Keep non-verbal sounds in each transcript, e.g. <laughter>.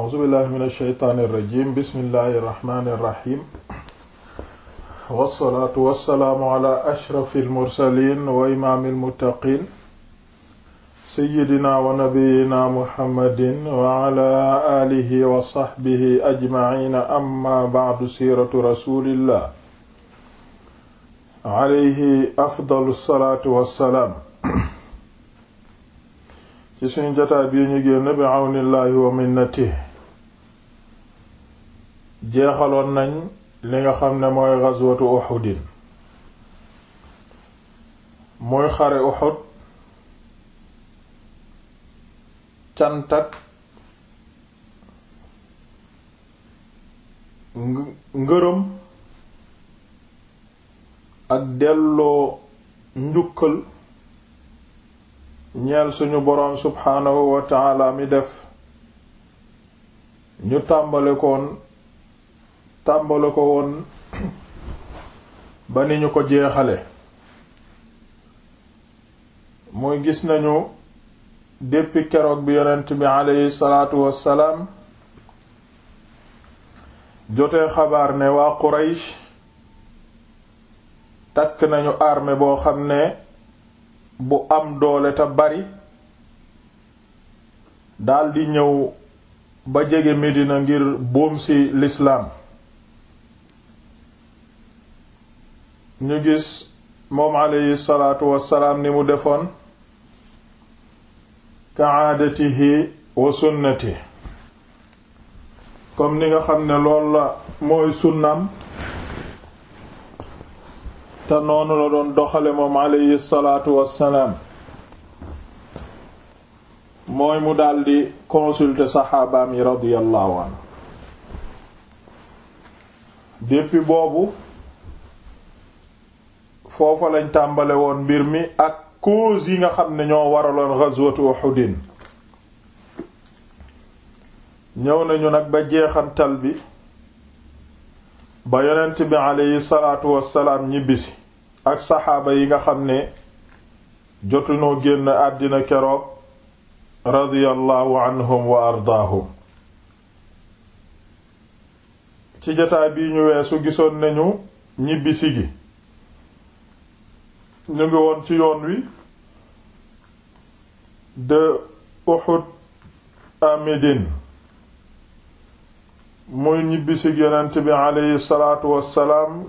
auzubillahi min alsheytaani irrajim bismillahi irrahmani irrahim wassalaatu wassalaamu ala ashrafi almursalin wa imaami almuttaqin seyidina wa nabiyina muhammadin wa ala aalihi wa saxbihi ajmaciina amma bacdu siiratu rasulillah alayhi afdalu salaatu wassalaam ci suñu jotaay bii ñu génn bi awnillahi wa minnatihi jeexaloon nañ li nga xam ne mooy ghazwatu Uhudin mooy xare Uhud cant ngërëm ak delloo njukkal ñeel suñu boroom subhaanahu wa ta'ala mi def ñu tàmbalekoon tàmbale ko woon ba ni ñu ko jeexale mooy gis nañu depuis keroog bi yonent bi aleyhi salaatu wassalaam jotee xabaar ne waa Quraysh takk nañu armée boo xam ne bu am doole te bari daldi ñëw ba jege Medina ngir boom ci lislaam ñu gis moom aleyhi salaatu salaam ni mu defoon ka aadatihi wa sunnati comme ni nga xam ne loolu la mooy sunnaam te noonu la doon doxale moom aleyhi salaatu wassalaam mooy mu daldi consulter saxaabaam yi radiyallahu anhu depuis boobu foofa lañ tàmbale woon mbir mi ak cause yi nga xam ne ñoo waraloon ghazwatu Uhudin ñëw nañu nag ba jeexantal bi ba yonent bi aleyhi salaatu wassalaam ñibbisi ak saxaaba yi nga xam ne jotunoo génn àddina keroog radiyallahu anhum wa ardaahum ci jotaay bi ñu weesu gisoon nañu ñibbisi gi ñu ngi woon ci yoon wi de Uhud à Médine muy ñibbisig yonent bi aleyhi salaatu wassalaam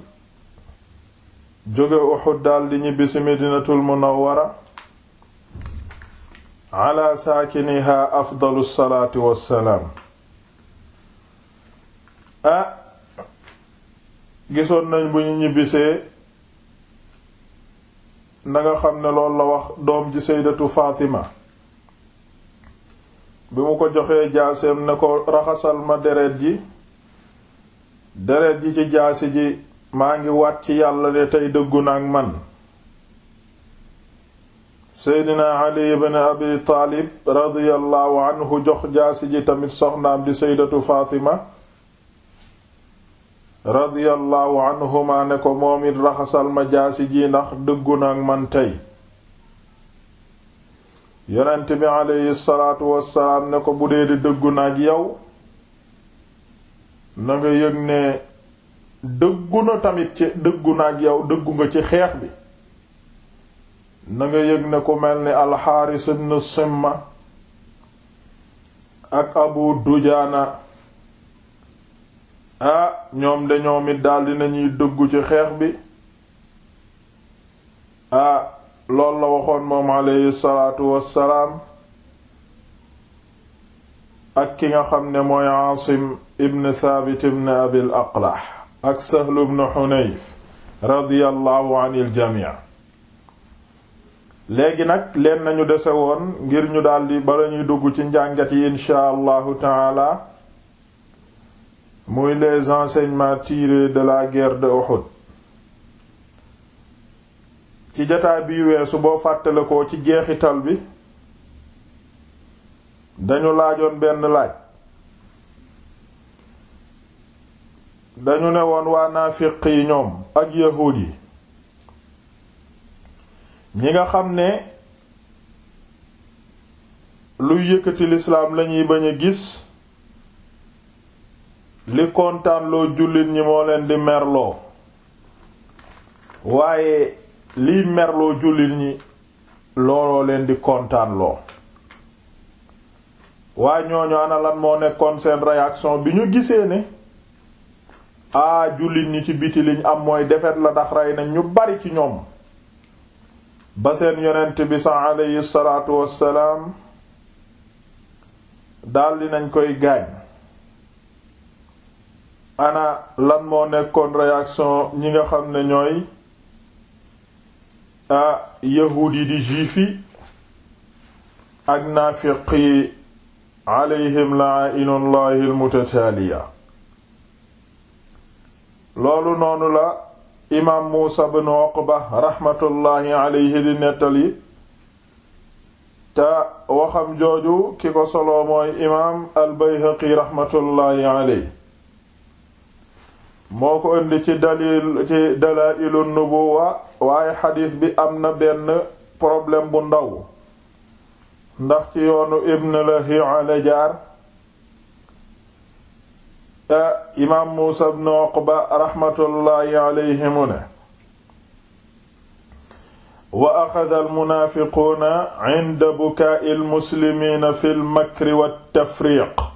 jóge Uhud daldi ñibbisi Medinatul Munawwara ala saakiniha afdalu salaatu wassalaam ah, gisoon nañ bu ñu ñibbisee na xam ne loolu la wax doom ji saydatu Fatima bi mu ko joxee jaaseem ne ko raxasal ma deret ji deret ji ci jaasi ji maa ngi waat ci yàlla ne tey dëggu na ak man seydina ali ibn abi taalib radiyallahu anhu jox jaasi ji tamit soxnaam di saydatu Fatima radiyallahu anhuma ne ko moom it raxasal ma jaasi ji ndax dëggu na ak man tey yonent bi aleyhi salaatu wassalaam ne ko bu dee di dëggu na ak yow na yëg ne dëggu na tamit ci dëggu na ak yow dëggu nga ci xeex bi na nga yëg ne ku mel ni alxaaris ibn simma ak abu dujaana ah ñoom de ñoom it daldi nañuy dëggu ci xeex bi ah loolu la waxoon moom aleyhi salaatu wassalaam ak ki nga xam ne mooy Aasim ibn Thaabit ibn Abil Aqlah ak Sahl ibn Hunayf radiyallahu anil jamii léegi nag leen nañu dese woon ngir ñu daldi bala ñuy dugg ci njàngat yi inshaa allahu taala muy les enseignements tirés de la guerre de Ouhoud ci jotaay bi weesu boo fàttale ko ci jeexital bi dañu laajoon benn laaj dañu ne woon waa naafiq yi ñoom ak yahuud yi ñi nga xam ne luy yëkkati lislaam lañuy bañ a gis li kontaan loo jullit ñi moo leen di merloo waaye liy merloo jullit ñi looloo leen di kontaanloo waaye ñooñu ana lan moo nekkoon seen réaction bi ñu gisee ne aa jullit ñi ci biti liñ am mooy defet la ndax rey nañ ñu bari ci ñoom ba seen yonent bi sa aleyhi salaatu wassalaam daldi nañ koy gaañ ana lan moo nekkoon réaction ñi nga xam ne ñooy ah yahuud yi di juif yi ak naafiq yi alayhim la'inatullahi almutataaliya loolu noonu la imaam muusa bin uqba raxmatullaahi alayhi di nettali te waxam jooju ki ko solo mooy imaam albayhaqi raxmatullaahi alayhi moo ko indi ci dalil ci dalailu nubuwa waaye xadiis bi am na benn problème bu ndaw ndax ci yoonu ibn lahi'a la jaar e, imaam muusa ibn uqba raxmatullaahi alayhi mu ne wa axada almunaafiquuna inda bukaa'i almuslimiina fi lmakri wa tafriiq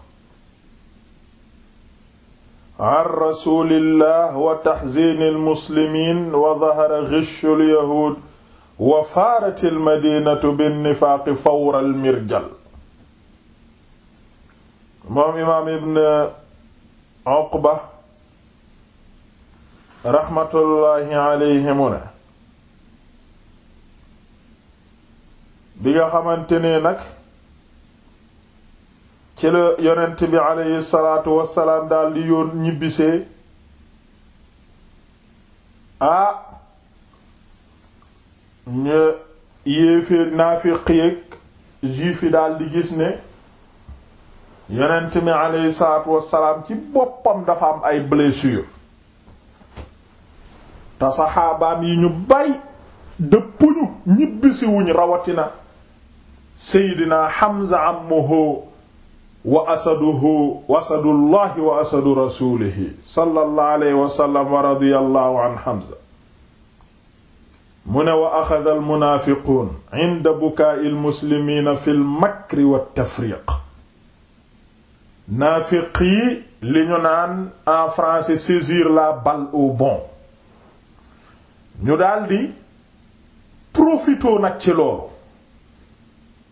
an rasulillah wa taxzini almuslimiin wa dahara gishu alyahuud wa faarat almadinatu binnifaaqi fawra almirjal moom imaam ibn Uqba raxmatullaahi alayhi mu ne bi nga xamante ne nag ci la yonent bi aleyhi salaatu wassalaam daal di yoon ñibbisee ah ñu yéeféer naafiq yéeg juif yi di gis ne yonent bi aleyhi salaatu wassalaam ci boppam dafa am ay blessure te saxaabaam yi ñu bari dëppuñu ñibbisiwuñ rawatina Seydina Hamza ammuhu wa asaduhu wasadullahi wa asadu rasulihi sallallahu alayhi wa sallam wa radiyallahu an Hamza mu ne wa axada almunaafiquun inda bukaai almuslimiina fi lmakri wattafriq naafiq yi li ñu naan en français saisir la balle au bond ñu daldi profitoo nag ci loolu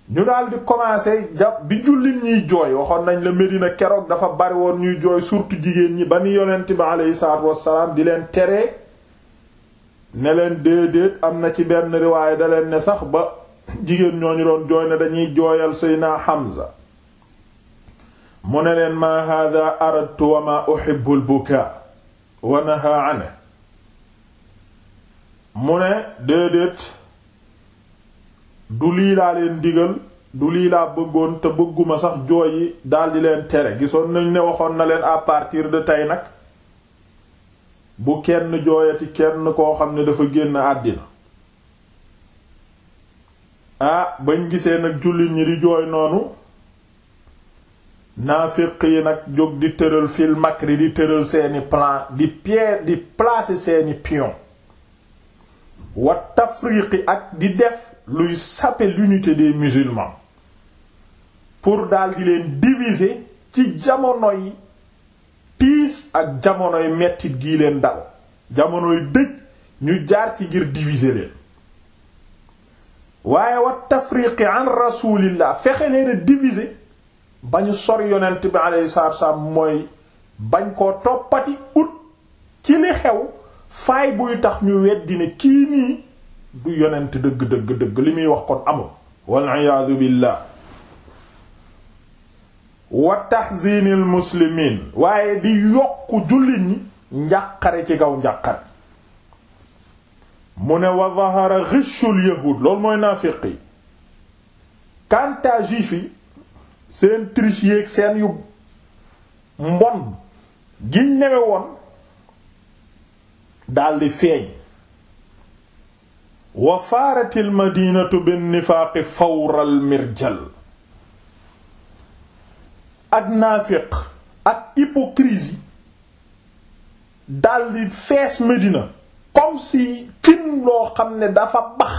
ñu daal di commencé jàpp bi jullit ñiy jooy waxoon nañ la Medina keroog dafa bari woon ñuy jooy surtout jigéen ñi ba ni yonent bi aleyhi salaatu wassalaam di leen teree ne leen déedéet am na ci benn riwaay da leen ne sax ba jigéen ñoo ñooñu doon jooy ne dañuy jooyal Seydina Hamza mu ne leen ma hada aradtu wa ma uhibbu al-bukaa wa mu ne déedéet du lii laa leen digal du lii laa bëggoon te bëgguma sax jooy yi daldi leen tere gisoon nañ ne waxoon na leen à partir de tey nag bu kenn jooyati kenn koo xam ne dafa génn àddina ah bañ gisee nag jullit ñi di jooy noonu naafiq yi nag jóg di tëral fil makri di tëral seeni plan di pied di placer seeni pion wa tafriqi ak di def luy saper l'unité des musulmans pour daal di leen diviser ci jamonoy tiis ak jamonoy mettit gii leen dal jamonoy dëj ñu jaar ci ngir diviser leen waaye wa tafriqi an rasulillah fexe leen a diviser ba ñu sor yonent bi alayhi salaatu wassalaam mooy bañ koo toppati ut ci li xew faay buy tax ñu weddi ne kii nii du yonent dëgg dëgg dëgg li muy wax kon amul wal iyaadu billah wa tahzinil muslimin waaye di yokku jullit ñi njàqare ci kaw njàqare mu ne wa zahara ghishul yahud loolu mooy naafiq yi kanta juif yi seen triche yeeg seen yu mbon giñ newe woon daldi feeñ wa faaratil madinatu binnifaaqi fawral mirjal ak naafiq ak hypocrisie daldi fees Medina comme si cin loo xam ne dafa bax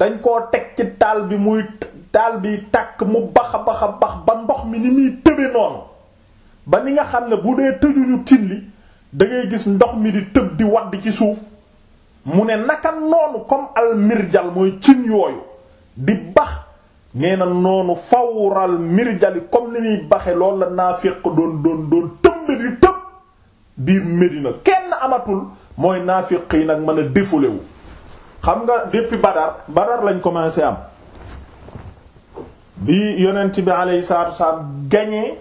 dañ koo teg ci taal bi muy taal bi tàkk mu bax a bax ba ndox mi ni muy tëbe noonu ba ni nga xam ne bu dee tëjuñu tin li da gis ndox mi di tëb di wadd ci suuf mu ne naka noonu comme almirjal mooy cin yooyu di bax nee na noonu fawral mirjali comme ni muy baxe loolu la naafiq doon doon doon tëmb tëb biir Medina kenn amatul mooy naafiq yi nag mën a défoule xam nga depuis Badar Badar lañ commencé am bi yonent bi alayhi salaatu wasalaam gagné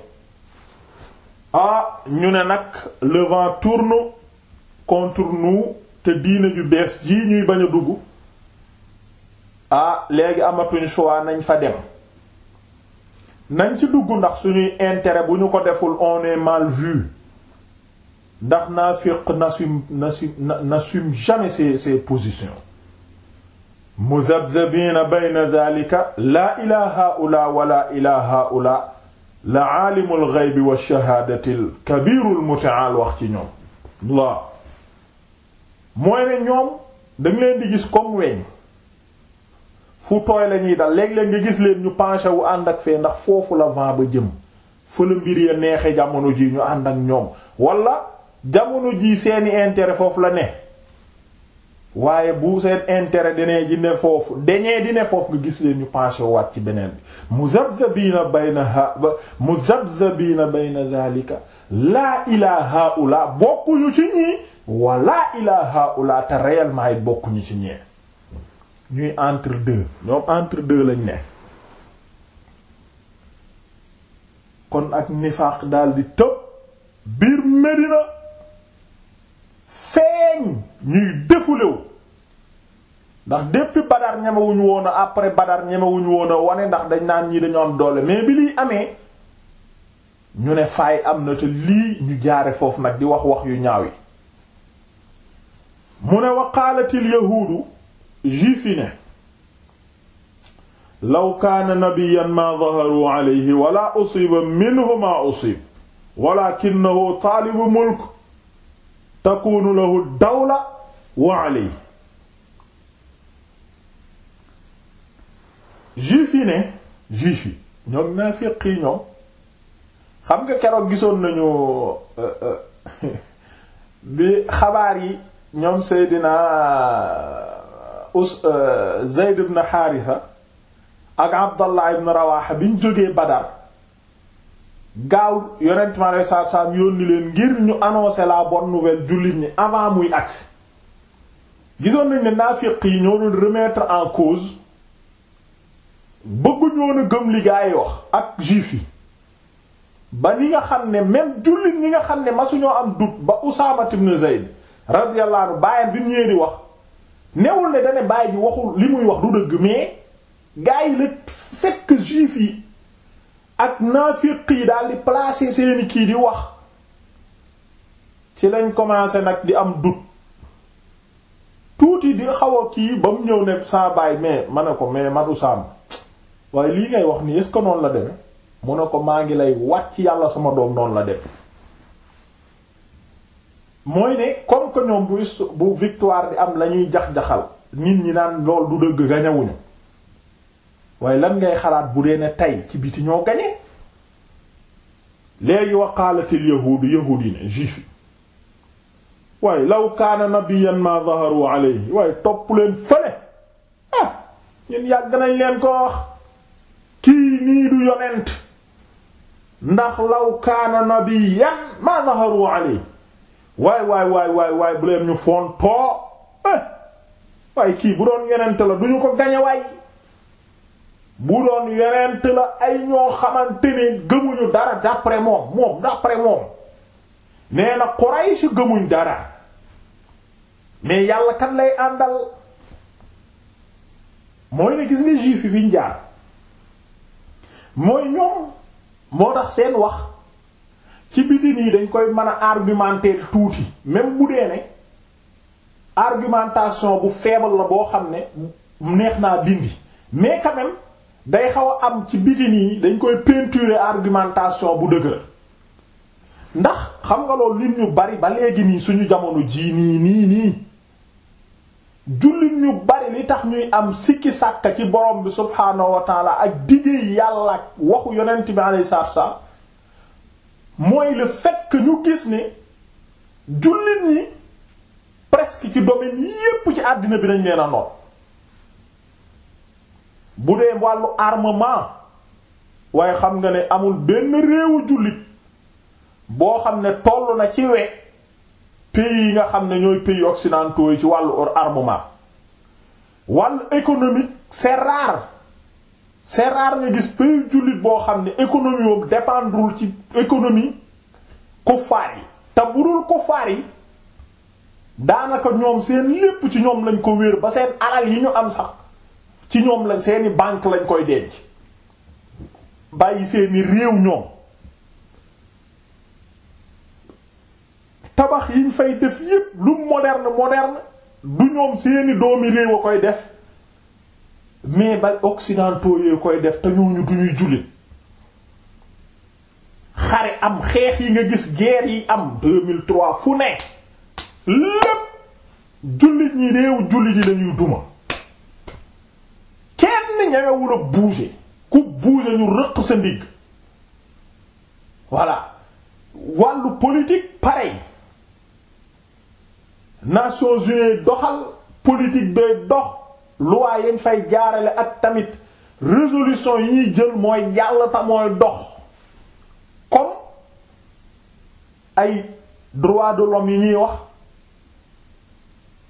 ah ñu ne nag le vent tourne contre nous te diine ju bees jii ñuy bañ dugg ah léegi amatuñ choix nañ fa dem nañ ci dugg ndax suñuy intérêt bu ñu ko deful on mal vu ndax naafiq n'assume n'assume jamais ses ses mu mudhabdhabina bayna dhalika la ila haula wala ila haula la aalimul ghaybi wa shahaadati al kabiirul mutaal wax ci ñoom mooy ne ñoom danga leen di gis comme weñ fu tooy la ñuy dal léeg-léeg nga gis leen ñu penché wu ànd ak fee ndax foofu la vent ba jëm fëla mbir ya neexe jamono ji ñu ànd ak ñoom wala jamono ji seeni intérêt foofu la ne waaye bu seen intérêt dinee di ne foofu dañee di ne foofu nga gis leen ñu penché waat ci beneen bi muzabzabina bayna ha muzabzabina bayna zalika laa ilaa haula bokkuñu ci ñii walaa ilaa haula te réellement it bokkuñu ci ñee ñuy entre deux ñoom entre deux lañ ne kon ak nifaaq daal tëb biir Medina feeñ ñuy defulewu ndax depuis Badar ñemewuñu woon a Badar ñemewuñu woon a wane ndax dañ naan ñii dañu am doole mais bi liy amee ñu ne fay am na te lii ñu jaare foofu nag di wax wax yu ñaaw yi mu ne wa qaalatil yahuudu juif yi ne law kaana nabiyan maa daharu alayhi wala usiba minhu maa usib walakinahu taalibu mulk takunu lahu dawla wa alayhi juif yi ne yi ñoom naafiq yi ñoom xam nga keroog gisoon nañu euh, euh, <laughs> bi xabaar yi ñoom Seydina euh, us Zayd ibn Haritha ak Abdallah ibn Rawaha biñ jógee Badar gaaw yonent mi aleyhi salaatu yónni leen ngir ñu annoncer la bon nouvelle jullit ñi avant muy agsi gisoon nañ ne naafiq yi ñoo doon remettre en cause bëgguñoon a gëm li yi wax ak juif yi ba ni nga xam ne même jullit ñi nga xam ne masuñoo am doute ba Usaama ibn Zayd radiyallahu anhu bàyyam di wax newul ne dane bàyyi ji waxul li muy wax du dëgg mais gaa yi la fekk juif yi ak naafiq yi daal di placer seeni kii di wax ci lañ commencé nag di am doute tuuti di xaw a kii ba mu ñëw ne saa baay mais ma ne ko mais matu sàmm waaye lii ngay wax ni est-ce la deme mu ne ko maa ngi lay wàcc yàlla sama doom noonu la dem mooy ne comme que ñoom bu bu victoire di am lañuy jax jaxal nit ñi naan lool du dëgg gañawuñu waaye lan ngay xalaat bu dee ne tey ci biti ñoo gañee wa waqaalatil yahuudu yahuud yi ne juif yi waaye law kaana nabiyyan ma zaharu alayhi waaye topp leen fële ah, yàgg nañ leen ko wax kii law kaana nabiyyan ma zaharu bu leen ñu foon eh, waaye kii bu doon yonent la duñu ko gañe waay bu doon yonent la ay ñoo xamante ne gëmuñu dara d'après moom moom d'après moom nee na Quraysh gëmuñ dara mais yàlla kan lay àndal mooy ne gis nga juif yi fi ñu jaar mooy ñoom moo tax seen wax ci biti nii dañ koy mën a argumenter tuuti même bu dee ne argumentation bu faible la boo xam ne neex naa dindi mais quand day xaw am ci biti nii dañ koy peinturer argumentation bu dëgër ndax xam nga loolu nit ñu bari ba léegi nii suñu jamono jii nii nii nii jullit ñu bari li tax ñuy am sikki sàkka ci borom bi subhaanahu wa taala ak diggéey yàlla ak waxu yonent bi alayhi salaatu salaam mooy le fait que ñu gis ne jullit ñi presque ci domaine yépp ci àddina bi dañ leen a noot bu dee wàllu armement waaye xam nga ne amul benn réewu jullit boo xam ne toll na ci we pays yi nga xam ne ñooy pays occidentaux yi ci wàllu armement wàllu économique c'est rare c'est nga gis pays jullit boo xam ne économie woom dépendrul ci économie kuffaar yi te bu dul kuffaar yi daanaka ñoom seen lépp ci ñoom lañ ko wéer ba seen alal yi ñu am sax ci ñoom la seeni banque lañ koy denc bàyyi seeni réew ñoom tabax yiñ fay def yépp lu moderne moderne du ñoom seeni doomi réew a koy def mais ba occidentaux yee koy def te ñooñu du ñuy jullit xare am xeex yi nga gis guerre yi am 2003 fu ne lépp jullit ñi réew jullit yi lañuy duma kenn ñewewul a ku bouger ñu rëq sa ndigg voilà wàllu politique pareil Nations Unies doxal politique bee dox loi yañ fay jaarale ak tamit résolution yi ñuy jël mooy jàll ta mooy dox comme ay droits de l'homme yi ñuy wax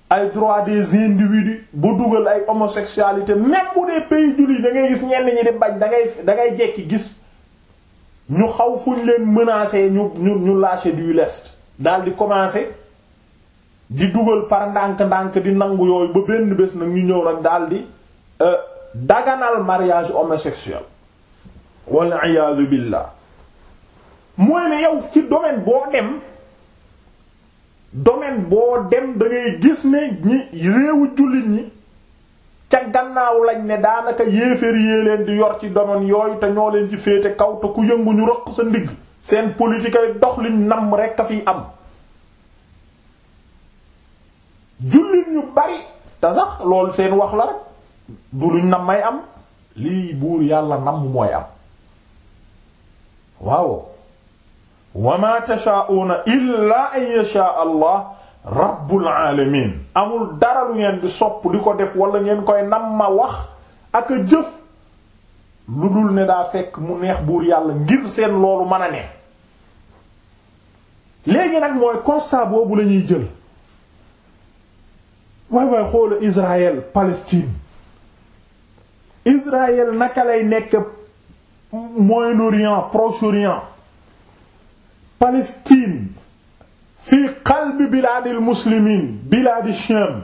ay droits des individus bu dugal ay homosexualité même mu dee pays jullit da ngay gis ñenn ñi di bañ da ngay da jekki gis ñu xaw fuñ leen menacer ñu ñu ñu lâcher du lest daal di commencer di dugal par ndànk-ndànk di nangu yooyu ba benn bés nag ñu ñëw nag daal di euh, daganal mariage homosexuel wal iyaazu billah mooy ne yow ci domaine boo dem domaine boo dem dangay gis ne ñi réewu jullit ñi ca gannaaw lañ ne daanaka yéeféer yée leen di yor ci domaine yooyu te ñoo leen ci féete kaw te ku yëngu ñu rëq sa ndigg seen politique ay dox liñ namm rekk a fiy am jullit ñu bari te sax loolu seen wax la rek du luñ nam may am lii buur yàlla namm mooy am waaw wa ma tashaa'uuna illaa an allah rabbul alamin amul dara lu ngeen di sopp di ko def wala ngeen koy nam ma wax ak a jëf lu dul ne daa fekk mu neex buur yàlla ngir seen loolu mën a ne léegi nag mooy constat boobu lañuy jël waay waay xoola Israël Palestine Israël naka lay nekk Moyen-Orient Proche-Orient Palestine fii qalbi bilaadil muslimin bilaadi Sham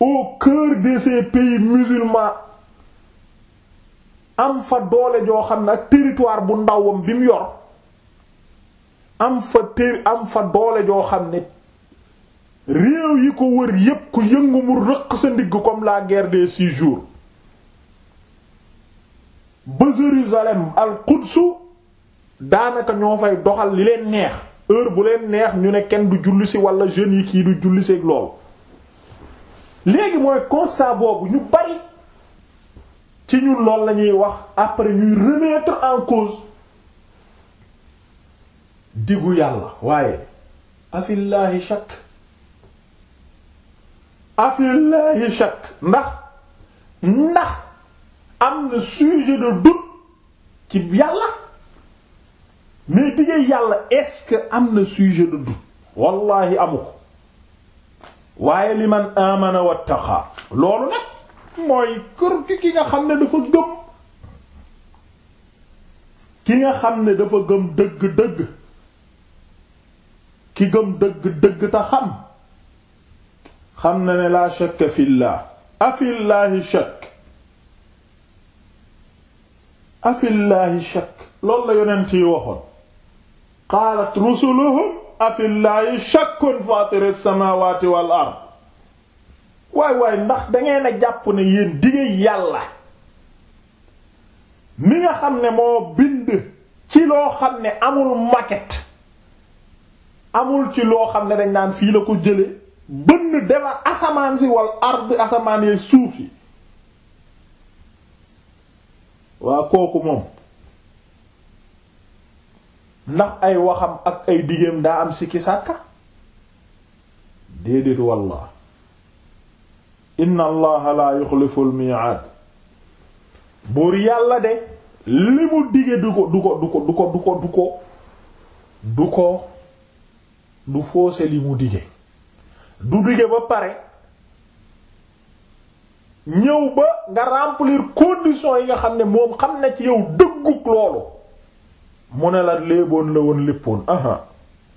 au cœur de ces pays musulmans am fa doole joo xam ne ak territoire bu ndawam bi mu yor am fa ter am fa doole joo xam ne réew yi ko wër yépp ku yëngu rëq sa ndigg comme la guerre des six jours ba Jérusalem al Quds daanaka ñoo fay doxal li leen neex heure bu leen neex ñu ne kenn du julli si walla jeunes yi kii du julli si ak loolu léegi mooy constat boobu ñu bari ci ñu loolu la ñuy wax après ñuy remettre en cause diggu yàlla waaye afillaahi shakk afillaahi shakk ndax ndax am na sujet de doute ci yàlla mais dige yàlla est-ce am na sujet de doute wallaahi amu waaye li man amana wattaqa loolu nag mooy kër ki ki nga xam ne dafa gëm ki nga xam ne dafa gëm dëgg-dëgg ki gëm dëgg-dëgg te xam xam na ne laa shakka fillah afillaahi shakk afillaahi shakk loolu la yonent yi waxoon qaalat rusuluhum afi llaahi shakkun faatiri samaawaati wal ard waay waay ndax dangeen a jàpp ne yéen dige yàlla mi nga xam ne moo bind ci loo xam ne amul maquette amul ci loo xam ne dañ naan fii la ko jële bënn defar asamaan si wal ard asamaan yee suuf yi waa kooku moom ndax ay waxam ak ay digeem daa am sikki sàkka déedéet wallah inna allaha la yuxlifu al mi'ad buur yàlla de li mu dige du ko du ko du ko du ko du ko du ko foose li mu dige du dige ba pare ñëw ba nga remplir conditions yi nga xam ne moom xam na ci yow dëggug loolu mu ne la léeboon la woon léppoon aha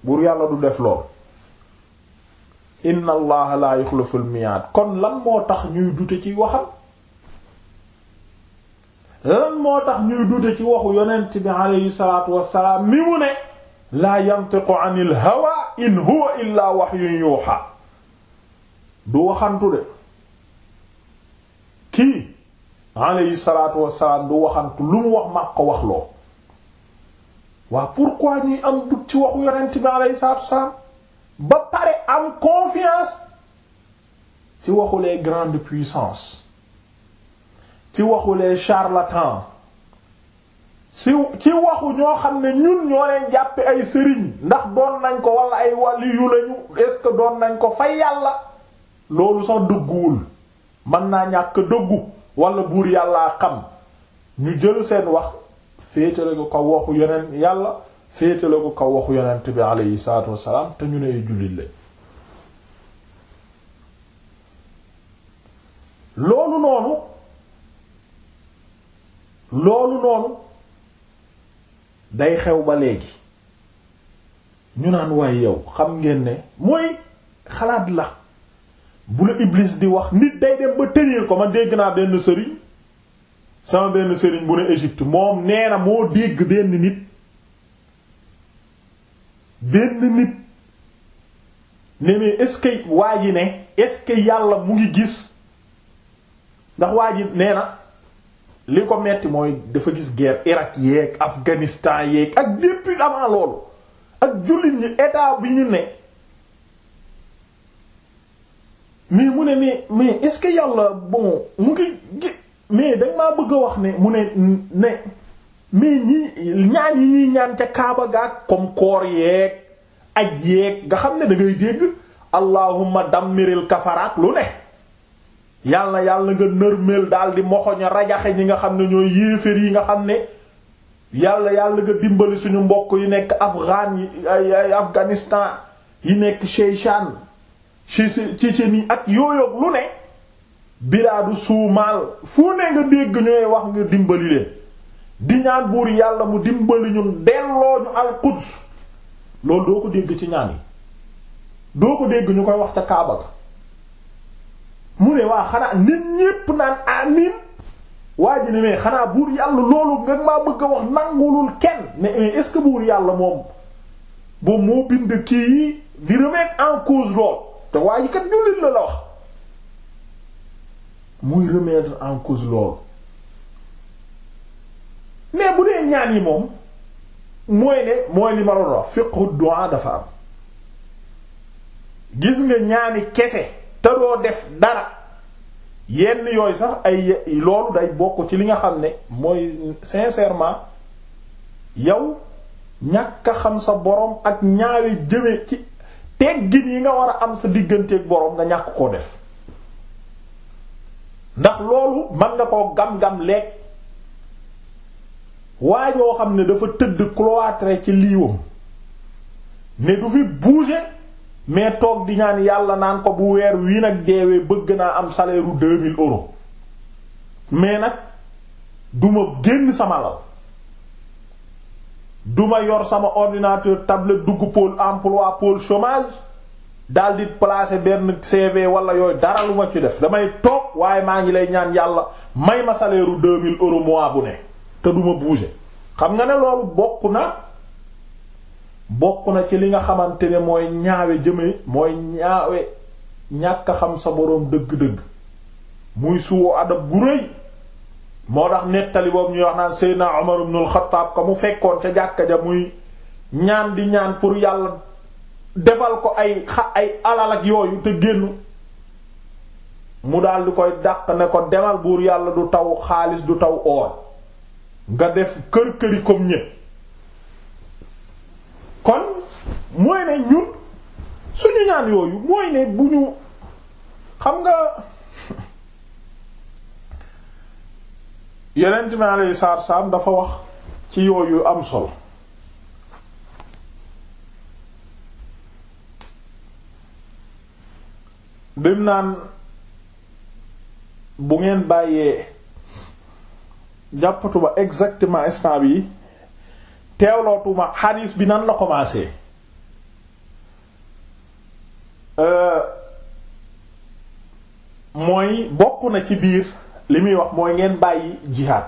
buur yàlla du def lool inna allaha la yuxliful miyaad kon lan moo tax ñuy dute ci waxam lan moo tax ñuy dute ci waxu yonent bi aleyhi salaatu wassalaam mi mu ne laa yantiqu anil hawa in huwa illa wahyun yuuha du waxantu de kii aleyhi waxantu lu mu wax maa ko wax loo waaw pourquoi ñuy am dut ci waxu yonent bi alayhi salaatu wassalaam ba pare am confiance ci waxule les grandes puissances ci waxu les charlatans si ci waxu ñoo xam ne ñun ñoo leen jàppe ay sëriñ ndax doon nañ ko wala ay wàlli yu lañu est-ce que doon nañ ko fay yàlla loolu sax dëgguwul mën naa ñàkk dëggu walla buur yàllaa xam ñu jël seen wax féetale ko kaw waxu yonent yàlla féetale ko kaw waxu yonent bi aleyhi salaatu wassalaam te ñu ne jullit lañ loolu noonu loolu noonu day xew ba léegi ñu naan waaye yow xam ngeen ne mooy xalaat la bu la iblis di wax nit day dem ba tenir ko ma dégg naa benn sëriñ sama benn sëriñ bu ne Égypte moom nee na moo dégg benn nit benn nit ne mais est-ce que waa ji ne est-ce que yàlla mu ngi gis ndax waa ji nee na li ko metti mooy dafa gis guerre Irak yeeg Afghanistan yeeg ak depuis avant loolu ak jullit ñi état bi ñu ne mais mu ne mais mais est-ce que yàlla mu ngi mais dañ maa bëgg a wax ne mu ne ne mais ñii ñaan yi ñuy ñaan ca Kaaba gaag comme koor yeeg aj yeeg nga xam ne da ngay dégg allahumma dammiril kafaraat lu ne yàlla yàlla nga nërmeel daal di moxoña rajaxe ñi nga xam ne ñooy yéeféer yi nga xam ne yàlla yàlla nga dimbali suñu mbokk yi nekk afghan yi ay Afghanistan yi nekk Chechen ci ci ci nii ak yooyoog lu ne biraadu suumaal fu ne nga dégg ñooy wax nga dimbali leen di ñaan buur yàlla mu dimbali ñun delloo ñu al loolu doo ko dégg ci ñaan yi doo ko dégg ñu koy wax ca Kaaba ga mu ne waa xanaa nit ñépp naan amin waa ji ne mais xanaa buur yàlla loolu nga maa bëgg a wax nangulul kenn mais est-ce que buur yàlla moom boobu moo bind kii yi di remettre en cause lool te waa ji kat jullit la la wax muy remettre en cause loolu mais bu dee ñaan yi moom mooy ne mooy li ma doon wax fiqhu du'a dafa am gis nga ñaani kese te doo def dara yenn yooy sax ay loolu day bokk ci li nga xam ne mooy sincèrement yow ñàkk a xam sa borom ak ñaawe jëme ci teggin yi nga war a am sa digganteeg borom nga ñàkk koo def ndax loolu mën nga koo gam-gam lekk waa ñoo xam ne dafa tëdd cloîtré ci liiwam ne du fi bouger mais toog di ñaan yàlla naan ko bu weer wii nag deewee bëgg naa am salaire u deux mille mais nag duma génn sama lal duma yor sama ordinateur table dugg pôle emploi pôle chômage daal di placer benn CV wala yooyu dara lu ma ci def damay toog waaye maa ngi lay ñaan yàlla may ma salaire u 2000 euros mois bu ne te duma bouger xam nga ne loolu bokk na bokk na ci li nga xamante ne mooy ñaawe jëme mooy ñaawe ñàkk xam sa boroom dëgg-dëgg muy suwo adab gu rëy moo tax nettali boobu ñuy wax naan Seydina Omar ibn al-Khattab mu fekkoon ca jàkka ja muy ñaan di ñaan pour yàlla defal ko ay xa ay alal ak yooyu te génn mu daal di koy dàq ne ko demal buur yàlla du taw xaalis du taw oor nga def kër këri comme ñëpp kon mooy ne ñun suñu ñaan yooyu mooy ne bu ñu xam nga yeneen mi aleyhi salaatu salaam dafa wax ci yooyu am sol bim naan bu ngeen bàyyee ba exactement instant bi teewlootuma xadiis bi nan la commencé euh, mooy bokk na ci biir li muy wax mooy ngeen bàyyi jihaad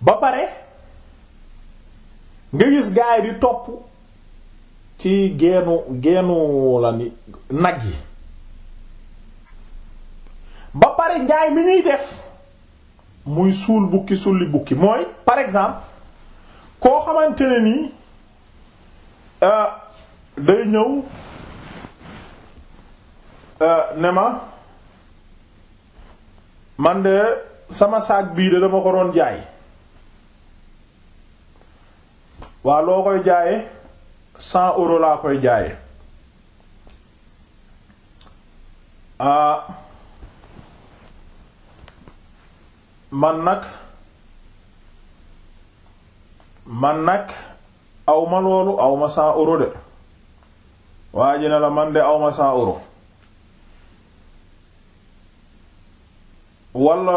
ba pare nga gis gaay di topp ci geenu geenu la ni nag yi ba pare njaay mi ñuy def muy suul bukki sulli bukki mooy par exemple koo xamante ne nii euh, day ñëw euh, ne ma man de sama saag bii de dama ko doon jaay waa loo koy jaaye cent euro laa koy jaay ah, man nag man nag awma loolu awma cent euros de waa ji ne la man de awma cent euros walla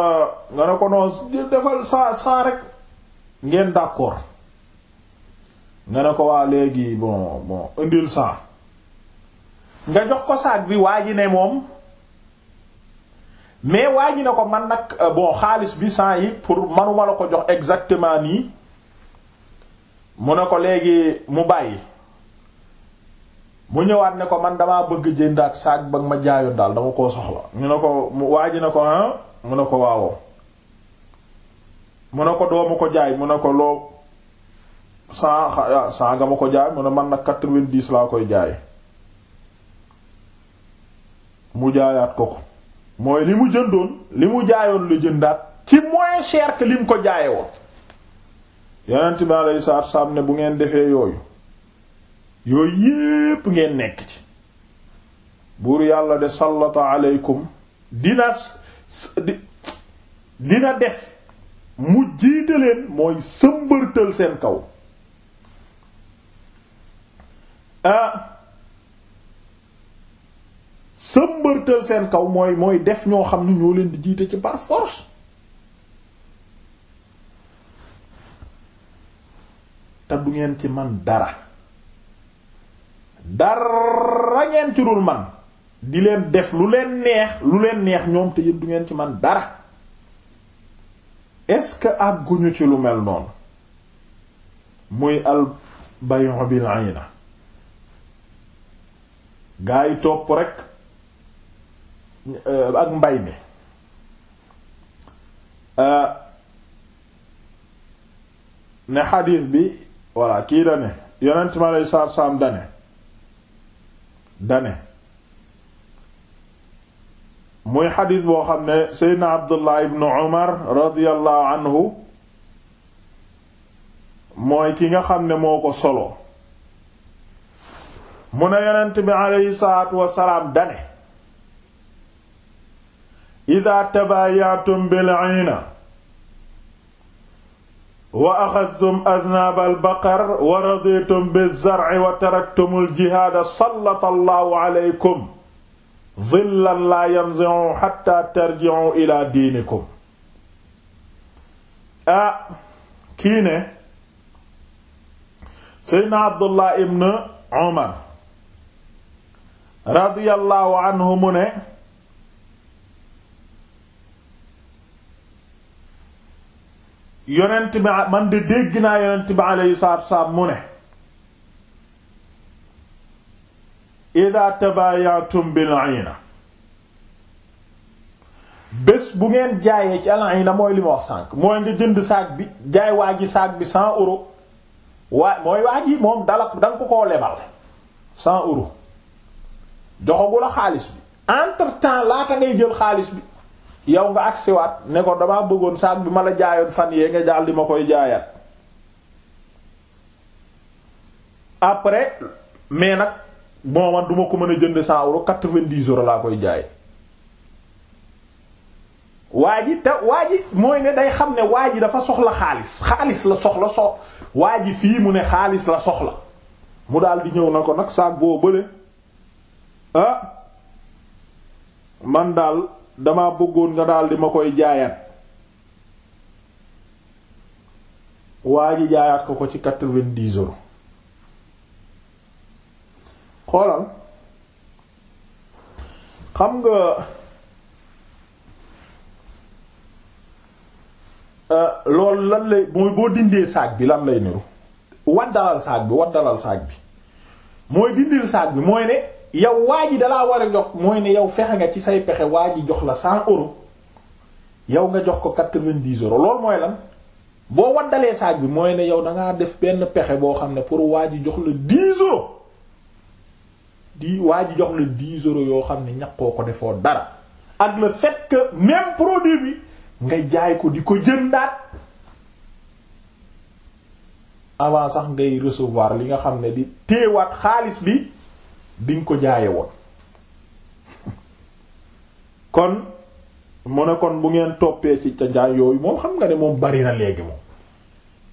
nga ne ko noonu defal saa rek ngeen d'accord nga ne ko waa léegi bon bon indil saa nga jox ko saag bi waa ne moom mais waa ji ne ko man nag euh, bon xaalis bi saa yi pour manuma la ko jox exactement nii mu ne ko léegi mu bàyyi mu ñëwaat ne ko man damaa bëgg jëndaat saag ba ma jaayoon daal dama koo soxla mu ne ko waa ji ne ko ah mu ne ko waawoo mu ne ko doomu ko jaay mu ne ko loo cent ah, cent nga ma ko jaay mu ne man nag quatre-vingt-dix laa koy jaay mu jaayaat ko ko mooy li mu jëndoon li mu jaayoon la jëndaat ci moins cher que li mu ko jaaye woon yonent bi alayhi salaatu salaam ne bu ngeen defee yooyu yooyu yépp ngeen nekk ci buur yàlla de sallata aleykum dina dina def mu jiite leen mooy sëmbërtal seen kaw Ah. sëmbërtal seen kaw mooy mooy def ñoo xam ne ñoo leen di jiite ci par te du ngeen ci man dara dara ngeen ci dul man di leen def lu leen neex lu leen neex ñoom te yéen du ngeen ci man dara est-ce que àgguñu ci lu mel noonu muy al bayon bil ayna gaa topp rekk euh, ak mbay mi euh, ne xadiis bi voilà kii dane yonent ma lay saar saam dane dane muy xadiis boo xam ne seydna abdullah ibnu umar radiyallahu anhu mooy ki nga xam ne moo ko solo mu ne yonent bi aleyhi salaatu wasalaam dane ida tabaayaatum bil ayna wa axadtum adnaab al baqar wa raditum biz zar'i wa taraktum al jihaada sallata allahu aleykum dhillan laa yanzi'u hatta tarji'u ila diinikum a kii ne seydna abdullah ibn umar radiyallahu anhu mu ne yonent bi man de dégg naa yonent bi alayhi salaatu wassalaam mu ne ida tabayatum bil bés bu ngeen jaayee ci al ayna mooy li wax mooy nga jënd saag bi jaay waa saag bi cent euros waa mooy waa ji moom dala danga ko koo lebal cent euros joxagu la xaalis bi entre temps laata ngay jël xaalis bi yow nga agsi waat ne ko damaa bëggoon saag bi ma la jaayoon fan yee nga daal di ma koy jaayaat après mais nag bon duma ko mën a jënd cent euros quatre-vingt-dix laa koy jaay waa ji te waa ji mooy ne day xam ne waa ji dafa soxla xaalis xaalis la soxla so waa ji fii mu ne xaalis la soxla mu daal di ñëw na ko nag saag boo bële Ah, man daal dama bëggoon nga daal di ma koy jaayaat waa ji jaayaat ko ko ci quatre-vingt-dix euros xoolal xam nga ah, loolu lan lay mooy boo dindee saag bi lan lay niru waddalal saag bi waddalal saag bi mooy dindil saag bi mooy ne yow waa ji dalaa war a jox mooy ne yow fexe nga ci say pexe waa ji jox la 100 euros yow nga jox ko 90 euros loolu mooy lan boo waddalee saaj bi mooy ne yow dangaa def benn pexe boo xam ne pour waa ji jox la 10 euros di waa ji jox la yoo xam ne ñaqoo ko defoo dara ak le fekk que produit bi nga jaay ko di ko jëndaat avant sax ngay recevoir li nga xam ne di téewaat xaalis bi bi nga ko jaaye woon kon mu ne kon bu ngeen toppee ci ca jaay yooyu moom xam nga ne moom bari na léegi moom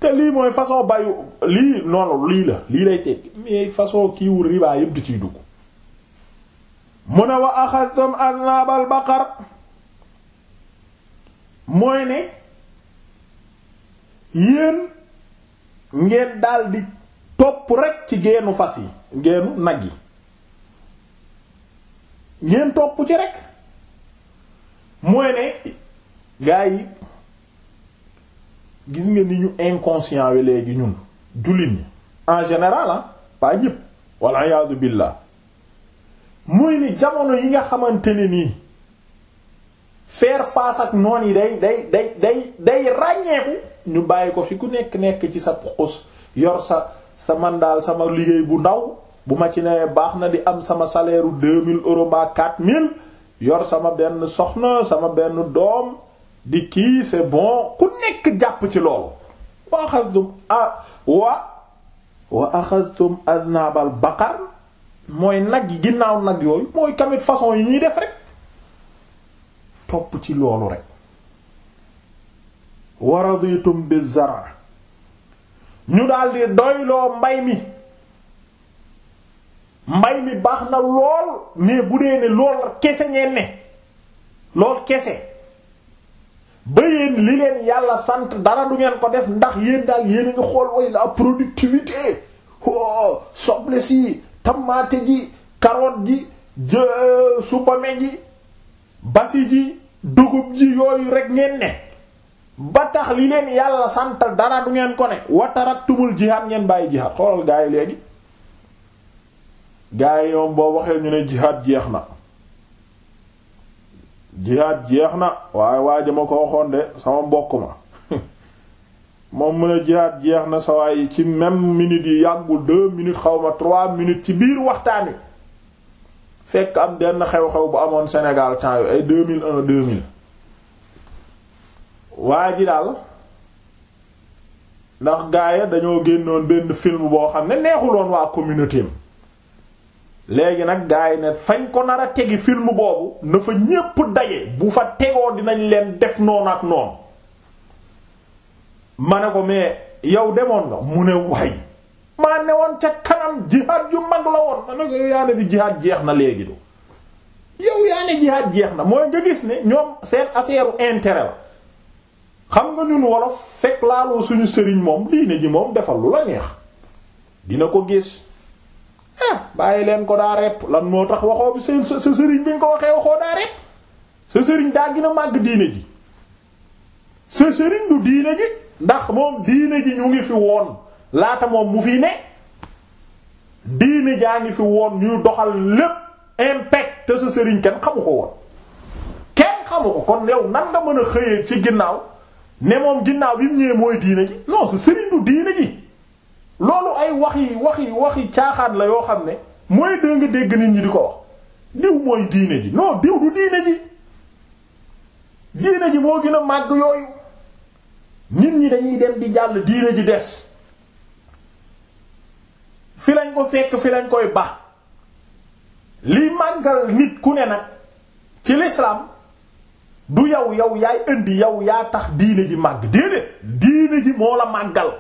te lii mooy façon bayu lii noonu lii la lii lay tekki mais façon kiiwu ribaa yëpp di ciy dugg mu ne wa axadtum aznaabal baqar mooy ne yéen ngeen daldi topp rekk ci geenu fas yi geenu nag yi ngeen topp ci rek mooy ne gaa yi gis nga ni ñu inconsian wi léegi ñun jullit ñi en général ah pas ñëpp walla iyaadu billah mooy ni jamono yi nga xamante ne nii faire face ak noon yi day day day day day ràññeeku ñu bàyyi ko fi ku nekk nekk ci sa xus yor sa sa man daal sama liggéey bu ndaw bu ma ci newee baax na di am sama salaire u 2000 euros mbaa 4000 yor sama benn soxna sama benn doom di kii c'est bon ku nekk jàpp ci loolu wa a wa wa axadtum adnabal baqar mooy nag yi ginnaaw nag yooyu mooy tamit façon yi ñuy def rek topp ci loolu rek waraditum bizar' ñu daldi doyloo mbay mi mbay mi baax na lool mais bu dee ne lool kese ngeen ne lool kese ba yéen li leen yàlla sant dara du ngeen ko def ndax yéen daal yéen a ngi xool way la productivité oh soble si tamaate ji carotte ji supame ji basi ji dugub ji yooyu rek ngeen ne ba tax li leen yàlla sant dara du ngeen ko ne watarak tumul jihaad ngeen bàyyi jihaad xoolal gaa yi léegi gaa yi moom boo waxee ñu ne jihaad jeex na jihaad jeex na waaye waa ji ma ko waxoon de sama mbokk ma <laughs> moom mu ne jihaad jeex na sa waay ci même minute yi yàggul deux xaw ma trois minutes ci biir waxtaan wi fekk am denn xew-xew bu amoon senegal temps yu ay deux mille un waa ji daal ndax gaa yi dañoo génnoon benn film boo xam ne neexuloon waa communauté léegi nag gars yi ne fañ ko nar a tegi film boobu na fa ñépp daje bu fa tegoo dinañ leen def noonu ak noonu ma ne ko mais yow demoon nga mu ne waay maa ne woon ca kanam jihaad yu mag la woon ma ne ko yow yaa ne fi jihaad jeex na léegi du yow yaa ne jihaad jeex na mooy nga gis ne ñoom seen affaire u la xam nga ñun wolof fekk laaloo suñu sëriñ moom lii ne ji moom defal lu la neex dina ko gis bàyyi leen ko daa repp lan moo tax waxoo bi seen sa sëriñ bi nga ko waxee waxoo daa repp sa sëriñ daa gën a màgg diine ji sa sëriñ du diine ji ndax moom diine ji ñu ngi fi woon laata moom mu fi ne diine jaa ngi fi woon ñuy doxal lépp impact te sa sëriñ kenn xamu ko woon kenn xamu ko kon yow nan nga mën a xëyee ci ginnaaw ne moom ginnaaw bi mu ñëwee mooy diine ji non sa sëriñ du diine ji loolu ay wax yi wax yi wax yi caaxaan la yoo xam ne mooy dégg nga dégg nit ñi di ko wax diw mooy diine ji non diw du diine ji diine ji moo gën a màgg yooyu nit ñi dañuy dem di jàll diine ji des fi lañ ko fekk fi lañ koy ba liy màggal nit ku ne nag ci l'islam du yow yow yaay indi yow yaa tax diine ji màgg déedéet diine ji moo la màggal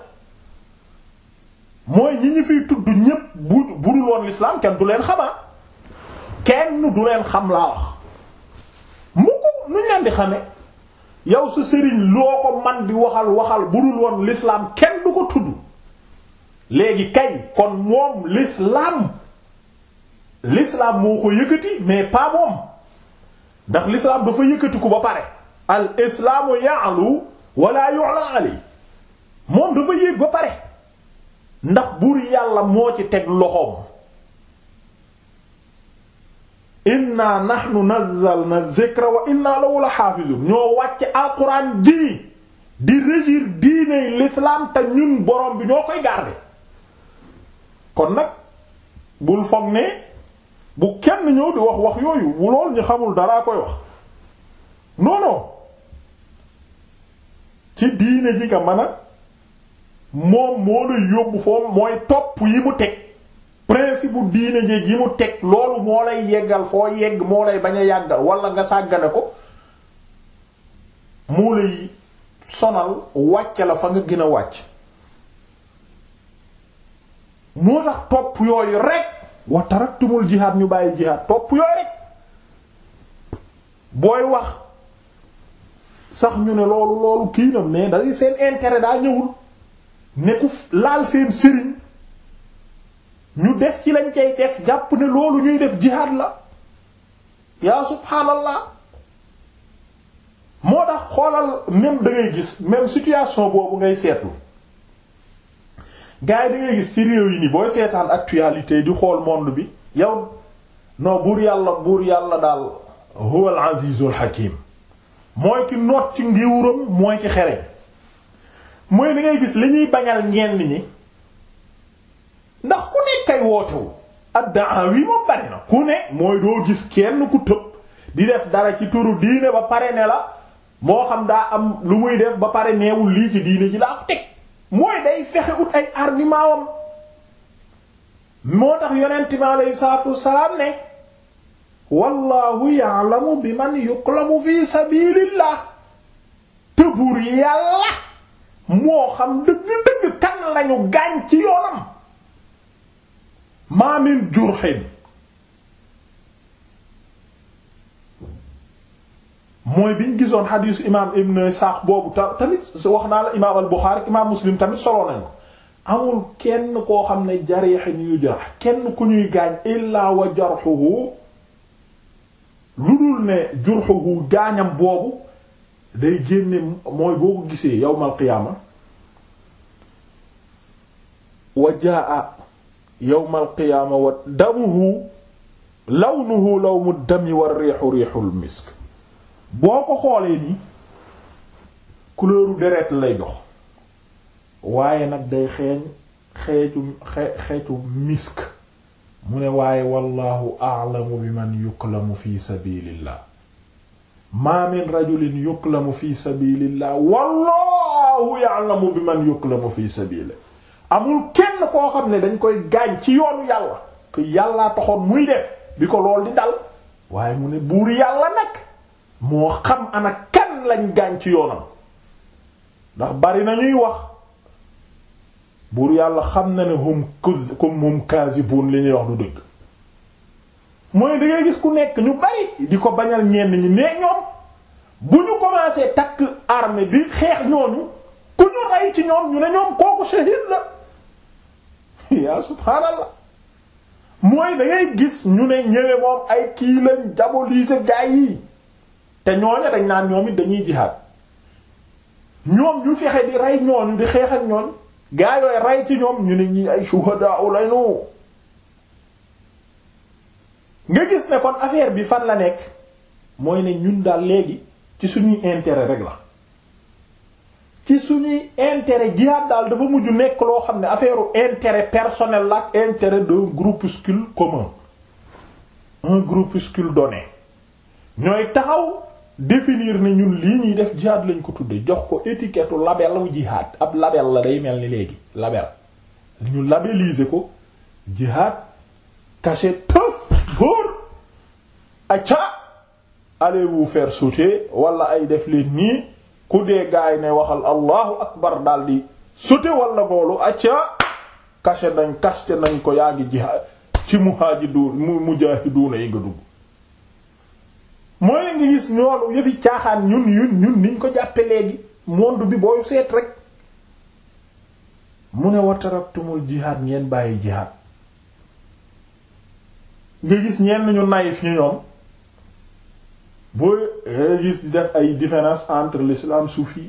mooy ñi ñu fiy tudd ñépp bu budul woon l'islam kenn du leen xamaa kenn du leen xam laa wax mu ko nuñ leen di xame yow sa sëriñ loo ko man di waxal waxal budul woon lislaam kenn du ko tudd léegi kay kon moom l'islam l'islam moo ko yëkkati mais paaboom moom ndax l'islam dafa yëkkati ko ba pare al islaamu ya'lu wala yu'la ali moom dafa yéeg ba pare ndax buur yàlla moo ci teg loxoom inna nahnu nazzalna dhikra wa inna lahu la xaafizun ñoo wàcc alquran ji di régir diine l'islam te ñun borom bi ñoo koy garder kon nag bul foog ne bu kenn ñëw di wax wax yooyu lool ñu xamul daraa koy wax non ci diine ji nga moom moo lay yóbbu foofu mooy topp yi mu teg principe bu diine jéeg yi mu teg loolu moo lay yeggal foo yegg moo lay bañ a yàggal wala nga sàggale ko moo lay sonal wàcce la fa nga gën a wàcc moo tax topp yooyu rek wa taraktumul jihaad ñu bàyyi jihaad topp yooyu rek booy wax sax ñu ne loolu loolu kii na mais da seen intérêt daa ñëwul ne ku laal seen sëriñ ñu def ci lañ cay def jàpp ne loolu ñuy def jihaad la yaa subhaanallah moo tax xoolal même da gis même situation boobu ngay seetlu gars yi da ngay gis ci réew yi nii booy seetaan actualité di xool monde bi yow non buur yàlla buur yàlla daal huwal azizul hakim mooy ki noot ci ngiwuram mooy ki xereñ mooy da ngay gis li ñuy bañal ñenn ñi ndax ku ne kay wootewu ad-da'awi moom bari na ku ne mooy doo gis kenn ku tëb di def dara ci turu diine ba pare ne la moo xam daa am lu muy def ba pare neewul lii ci diine ji laa ko teg mooy day fexe ut ay argument moo tax yonent mi aleyhi salaatu wassalaam ne wallahu ya'lamu bi man yuqlamu fi sabilillah te yàlla moo xam dëgg-dëgg kan lañu gaañ ci yoonam maamin jurxin mooy biñ gisoon xadiis imaam ibn Isaaq boobu tamit wax naa la imaam al-Buxaari imaam Muslim tamit solo amul kenn koo xam ne jariixin yu jarax kenn ku ñuy gaañ illaa wa jarxuhu lu dul ne jurxuhu gaañam boobu day génne mooy boo ko gisee yawmal qiyaama wa jaa yawmal qiyaama wa damuhu lawnuhu lawnu dami wa riixu riixul misk boo ko xoolee ni couleuru deret lay dox waaye nag day xeeñ xeetu xeetu misk mu ne waaye wallaahu a'lamu bi man yuklamu fi sabilillah ma min rajulin yuklamu fi sabilillah wallahu ya'lamu biman yuklamu fi sabilillah amul kenn koo xam ne dañ koy gaañ ci yoonu yàlla que yàllaa taxoon muy def bi ko lool di dal waaye mu ne buur yàlla nag moo xam ana kan lañ gaañ ci yoonam ndax bari na ñuy wax buur yàlla xam na ne hum kuz kum hum kaazibun li ñuy wax du dëgg mooy da ngay gis ku nekk ñu bari di ko bañal ñenn ñi mais ñoom bu ñu commencé takk arme bi xeex ñooñu ku ñu rey ci ñoom ñu ne ñoom kooku shahid la <laughs> yaa subhaanallah mooy da ngay gis ñu ne ñëwe moom ay kii lañ diaboliser gaa yi te ñooñu dañ naa ñoom it dañuy jihaad ñoom ñu fexe di rey ñooñu di xeex ak ñooñ gaa yooyu rey ci ñoom ñu ne ñi ay shuhadaa lañu nga gis ne kon affaire bi fan la nekk mooy ne ñun daal léegi ci suñuy intérêt rek la ci suñuy intérêt jihaad daal dafa mujj nekk loo xam ne affaire intérêt personnel la ak intérêt d'un groupuscule commun un groupuscule donné ñooy taxaw définir ne ñun lii ñuy def jihaad lañ ko tudde jox ko étiquette label wu ab label la day mel ni léegi label ñu labelliser ko jihaad caché tëf dóor aca allez-vous faire sauter wala ay def leen nii ku dee gaay ne waxal allahu akbar daldi sauter wala loolu aca caché nañ caché nañ ko yaa ngi jihaad ci muhaajiduun mujaahiduuna yi nga dugg mooy ngi gis ñoolu yëfi caaxaan ñun ñun ñun niñ ko jàppe léegi monde bi booy seet rek mu ne wa taraktumul jihaad ngeen bàyyi jihaad nga gis ñenn ñu naïf ñu ñoom boo eh, gis di def ay différence entre l'islam soufi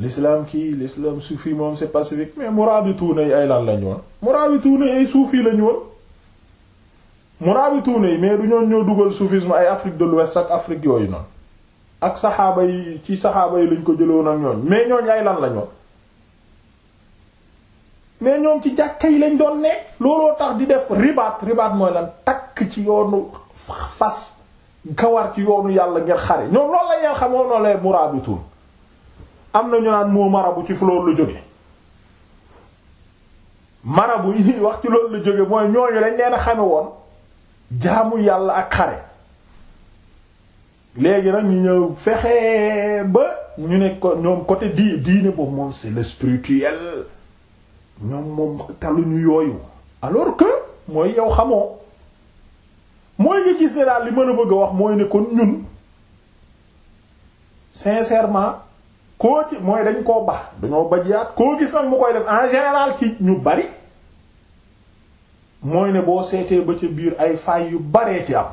l'islam kii l'islam soufi moom c'est pacifique mais murabituuna yi ay lan lañu woon murabituuna yi ay soufi lañu woon murabituuna yi mais du ñoon ñoo dugal soufisme ay Afrique de l'Ouest ak Afrique yooyu noonu ak saxaaba yi ci saxaaba yi lañ ko jëloon ak ñooñ mais ñooñ ay lan lañu woon mais ñoom ci jàkka yi lañ doon nekk looloo tax di def ribaat ribaat mooy lan takk ci yoonu fas gawar ci yoonu yàlla ngeen xare ñoom loolu la ñeen xam moom noonu lay muraabituun am na ñu naan moo marabu ci fu loolu la jóge marabu yi wax ci loolu la jóge mooy ñooñu dañ leen xame woon jaamu yàlla ak xare léegi nag ñu ñëw fexe ba ñu ne ko ñoom côté di diine boobu moom c'est le ñoom moom taluñu yooyu alors que mooy yow xamoo mooy nga gis ne daal li mën a bëgg a wax mooy ne kon ñun sincèrement koo ci mooy dañ koo bax dañoo bajiyaat koo gis nag mu koy def en général ci ñu bari mooy ne boo seetee ba ca biir ay faay yu baree ci am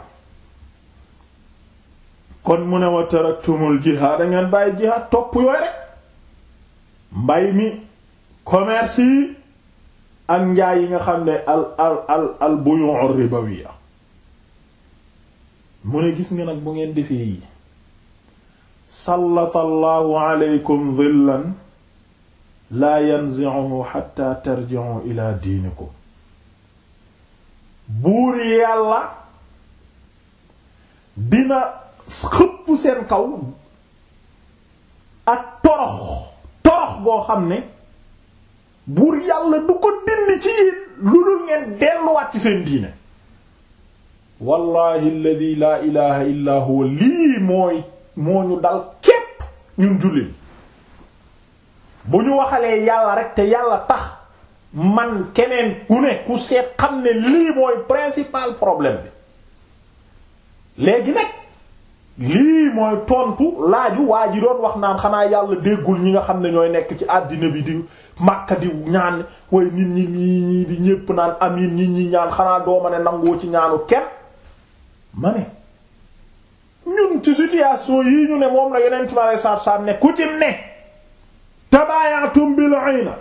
kon mu ne wa taraktumul jihaad da ngeen bàyyi jihaad topp yooyu rek mbay mi commerce yi ak njaay yi nga xam ne al al al al ribawiya mu ne gis nga nag bu ngeen defee yi sallata allahu aleykum dhillan laa yanzi'uhu hatta tarji'u ila diinikum buur yàlla dina xëpp seen kaw ak torox torox boo xam ne buur yàlla du ko dindi ci yéen lu dul ngeen delluwaat ci seen diine wallahi alladi laa illa huwa lii mooy moo ñu dal képp ñun jullit bu ñu waxalee yàlla rek te yàlla tax man keneen ku ne ku seet xam ne lii mooy principal problème bi léegi nag lii mooy tontu laaju waa ji doon wax naan xanaa yàlla déggul ñi nga xam ne ñooy nekk ci àddina bi di Makka di ñaan way nit ñi ñi di ñépp naan amin nit ñi ñaan xanaa dooma ne nangoo ci ñaanu kenn ma ne ñun ci situation yii ñu ne moom la yeneen ci ma saab ne ku ci ne tabayatum bil ayna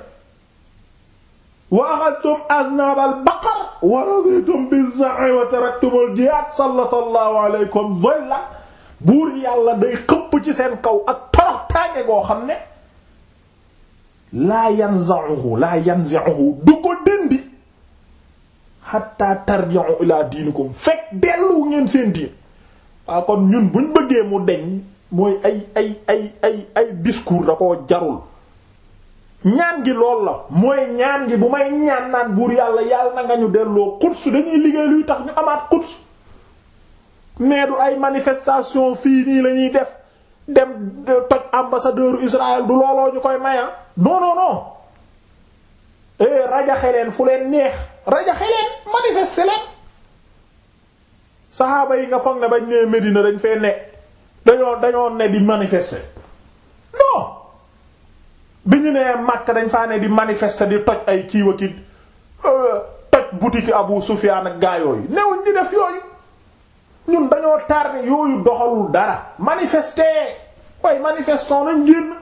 wa akhadtum aznab baqar wa raditum biz wa taraktum al jihad sallallahu alaykum buur yàlla day xëpp ci seen kaw ak torox tànge goo xam ne laa yanzahu laa yanzahu du ko dindi hatta tarji'u ila diinikum fekk dellu ngeen seen diin waaw kon ñun buñ bëggee mu deñ mooy ay ay ay ay ay da koo jarul ñaan gi lool la mooy ñaan gi bu may ñaan naan buur yàlla yàlla na nga ñu delloo Quds dañuy liggéey luy tax ñu amaat Quds mais du ay manifestation fii nii lañuy def dem toj ambassadeur Israël du looloo ñu koy maya non non non eh, fu leen neex rajaxe leen manifester leen saxaaba yi nga foog ne bañ nee Medina dañ fee ne dañoo dañoo ne di manifester non bi ñu nee Makka dañ faa ne di manifester di toj ay kiiwa ki eh, toj boutique Abu Sufyaan ak gaa yooyu newuñ di def yooyu ñun dañoo tardé yooyu doxalul dara manifester way manifestons nañ génn.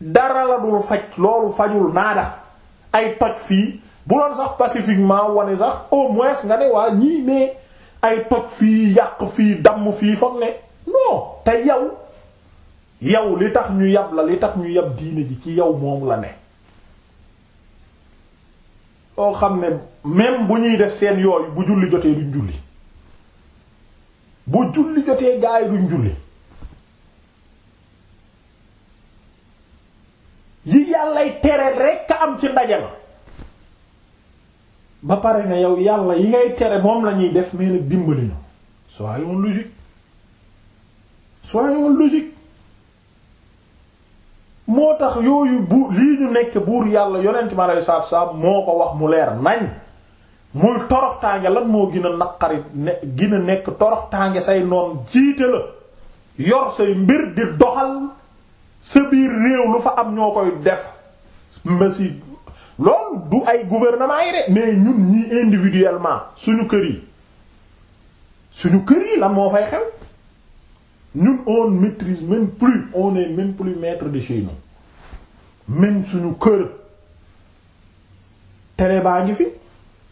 dara la dul faj loolu fajul naada ay toj fii bu doon sax pacifiquement wane sax au moins nga ne waa ñii mais ay toj fii yàq fii damm fii foog ne non te yow yow li tax ñu yab la li tax ñu yab diine ji ci yaw moom la ne oo xam ne même bu ñuy def seen yooyu bu julli jotee duñ julli bu julli jotee yi duñ julli yi yàllay tere rekk am ci ndaje ma ba pare nga yow yàlla yi ngay tere moom lañuy def mais nag dimbali na soyons logiques soyons logiques moo tax yooyu bu lii ñu nekk buur yàlla yonent ma lay saaf saaf moo ko wax mu leer nañ muy toroxtaange lan moo gën a naqari ne nekk toroxtaange say noon jiite la yor say mbir di doxal sa biir réew lu fa am ñoo koy def masi loolu du ay gouvernement yi de mais ñun ñi individuellement suñu kër yi suñu kër yi lan moo fay xew ñun on maîtrise même plus on est plus maître de chez nous suñu kër télé baa ngi fi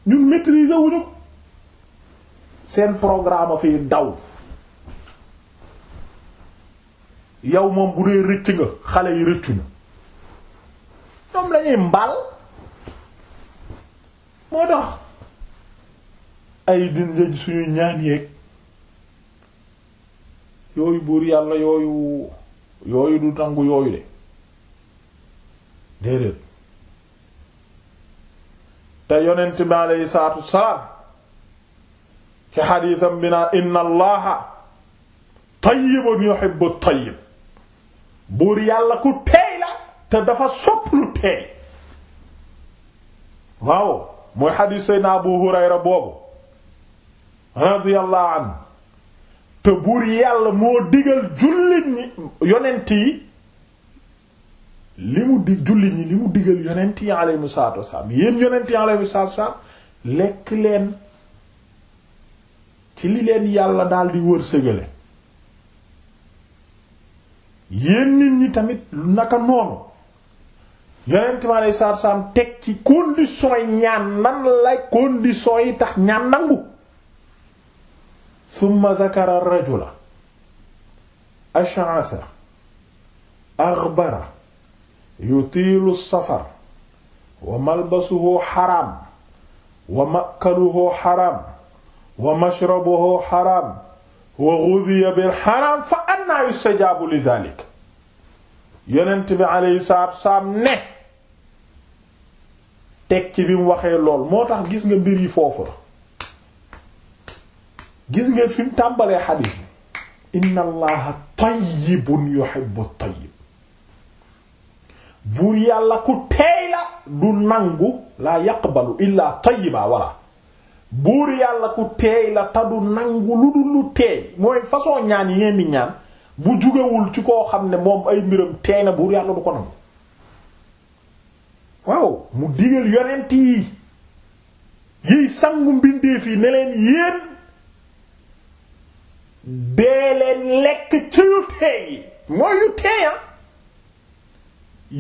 ñun maîtriser wuñu ko seen programme a fiy daw yow moom bu dee rëcc nga xale yi rëccu na ñoom lañuy mbaal moo tax ay din suñu ñaan yeeg yooyu buur yàlla yooyu yooyu du nangu yooyu de déedéet te yonent bi aleyhi salaatu salaam ci xadiisam bi naa inna allaha tayyibun yuhibbu tayyib buur yàlla ku teey la te dafa sopp lu teey waaw mooy xadiis sayna Abu Hurayra boobu radiyallahu anhu te buur yàlla moo digal jullit ñi yonent yi li mu di jullit ñi li mu digal yonent yi alayhimu salaatu wasalaam yéen yonent yi alayhimu salaatu wasalaam lekk leen ci li leen yàlla daal di wërsëgale yéen nit ñi tamit naka noonu yonent ma saar saam teg ci condition yi ñaan nan la condition yi tax ñaan nangu thumma dhakara rajula ash'atha aghbara yutiilu safar wa malbasuhu haram wa makaluhu haram wa mashrabuhu haram wa ghudiya bil haram fa anna yustajabu li dhalik yonent bi alayhi salaatu ne teg ci bi waxee lool moo tax gis nga mbir yi foofu la gis nga fi mu tàmbalee xadiis bi inna allaha tayyibun yuhibbu at buur yàlla ku teey du nangu laa yaqbalu illa tayyiba wala buur yàlla ku teey la tadu nangu lu dul teey mooy façon ñaan yi ngeen ñaan bu jugewul ci koo xam ne moom ay mbiram teey na buur yàlla du ko nangu waaw mu digal yonent yi yiy sangu mbindeef yi ne leen yéen dee leen lekk ci yu teey yi mooy yu teeya ah.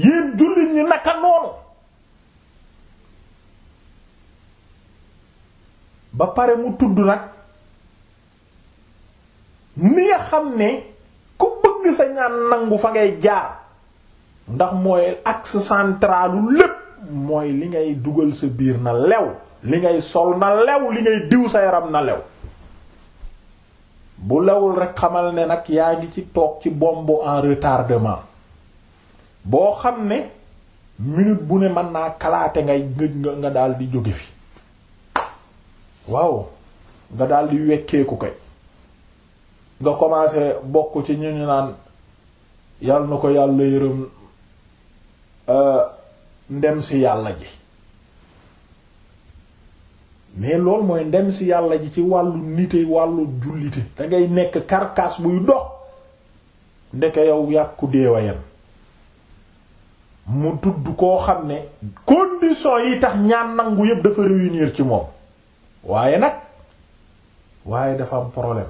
yéen jullit ñi naka noonu ba pare mu tudd nag ni xam ne ku bëgg sa ñaan nangu fa ngay jaar ndax mooy axe centralu lépp mooy li ngay dugal sa biir na lew li ngay sol na lew li ngay diw sa yaram na lew bu lewul rek xamal ne nag yaa ngi ci toog ci bombe en retardement boo xam ne minute bu ne mën naa kalaate ngay nga nga daal di jóge fi waaw nga daal di wekkeeku kay nga commencé bokk ci ñu ñu naan yal na ko yàlla yërëm euh, ndem si yàlla ji mais lool mooy ndem si yàlla ji ci wàllu nite wàllu jullite da ngay nekk karkaas buy dox ndeke yow yàkku deewayam mu tudd koo xam ne condition yi tax ñaan nangu yépp dafa réunir ci moom waaye nag waaye dafa am problème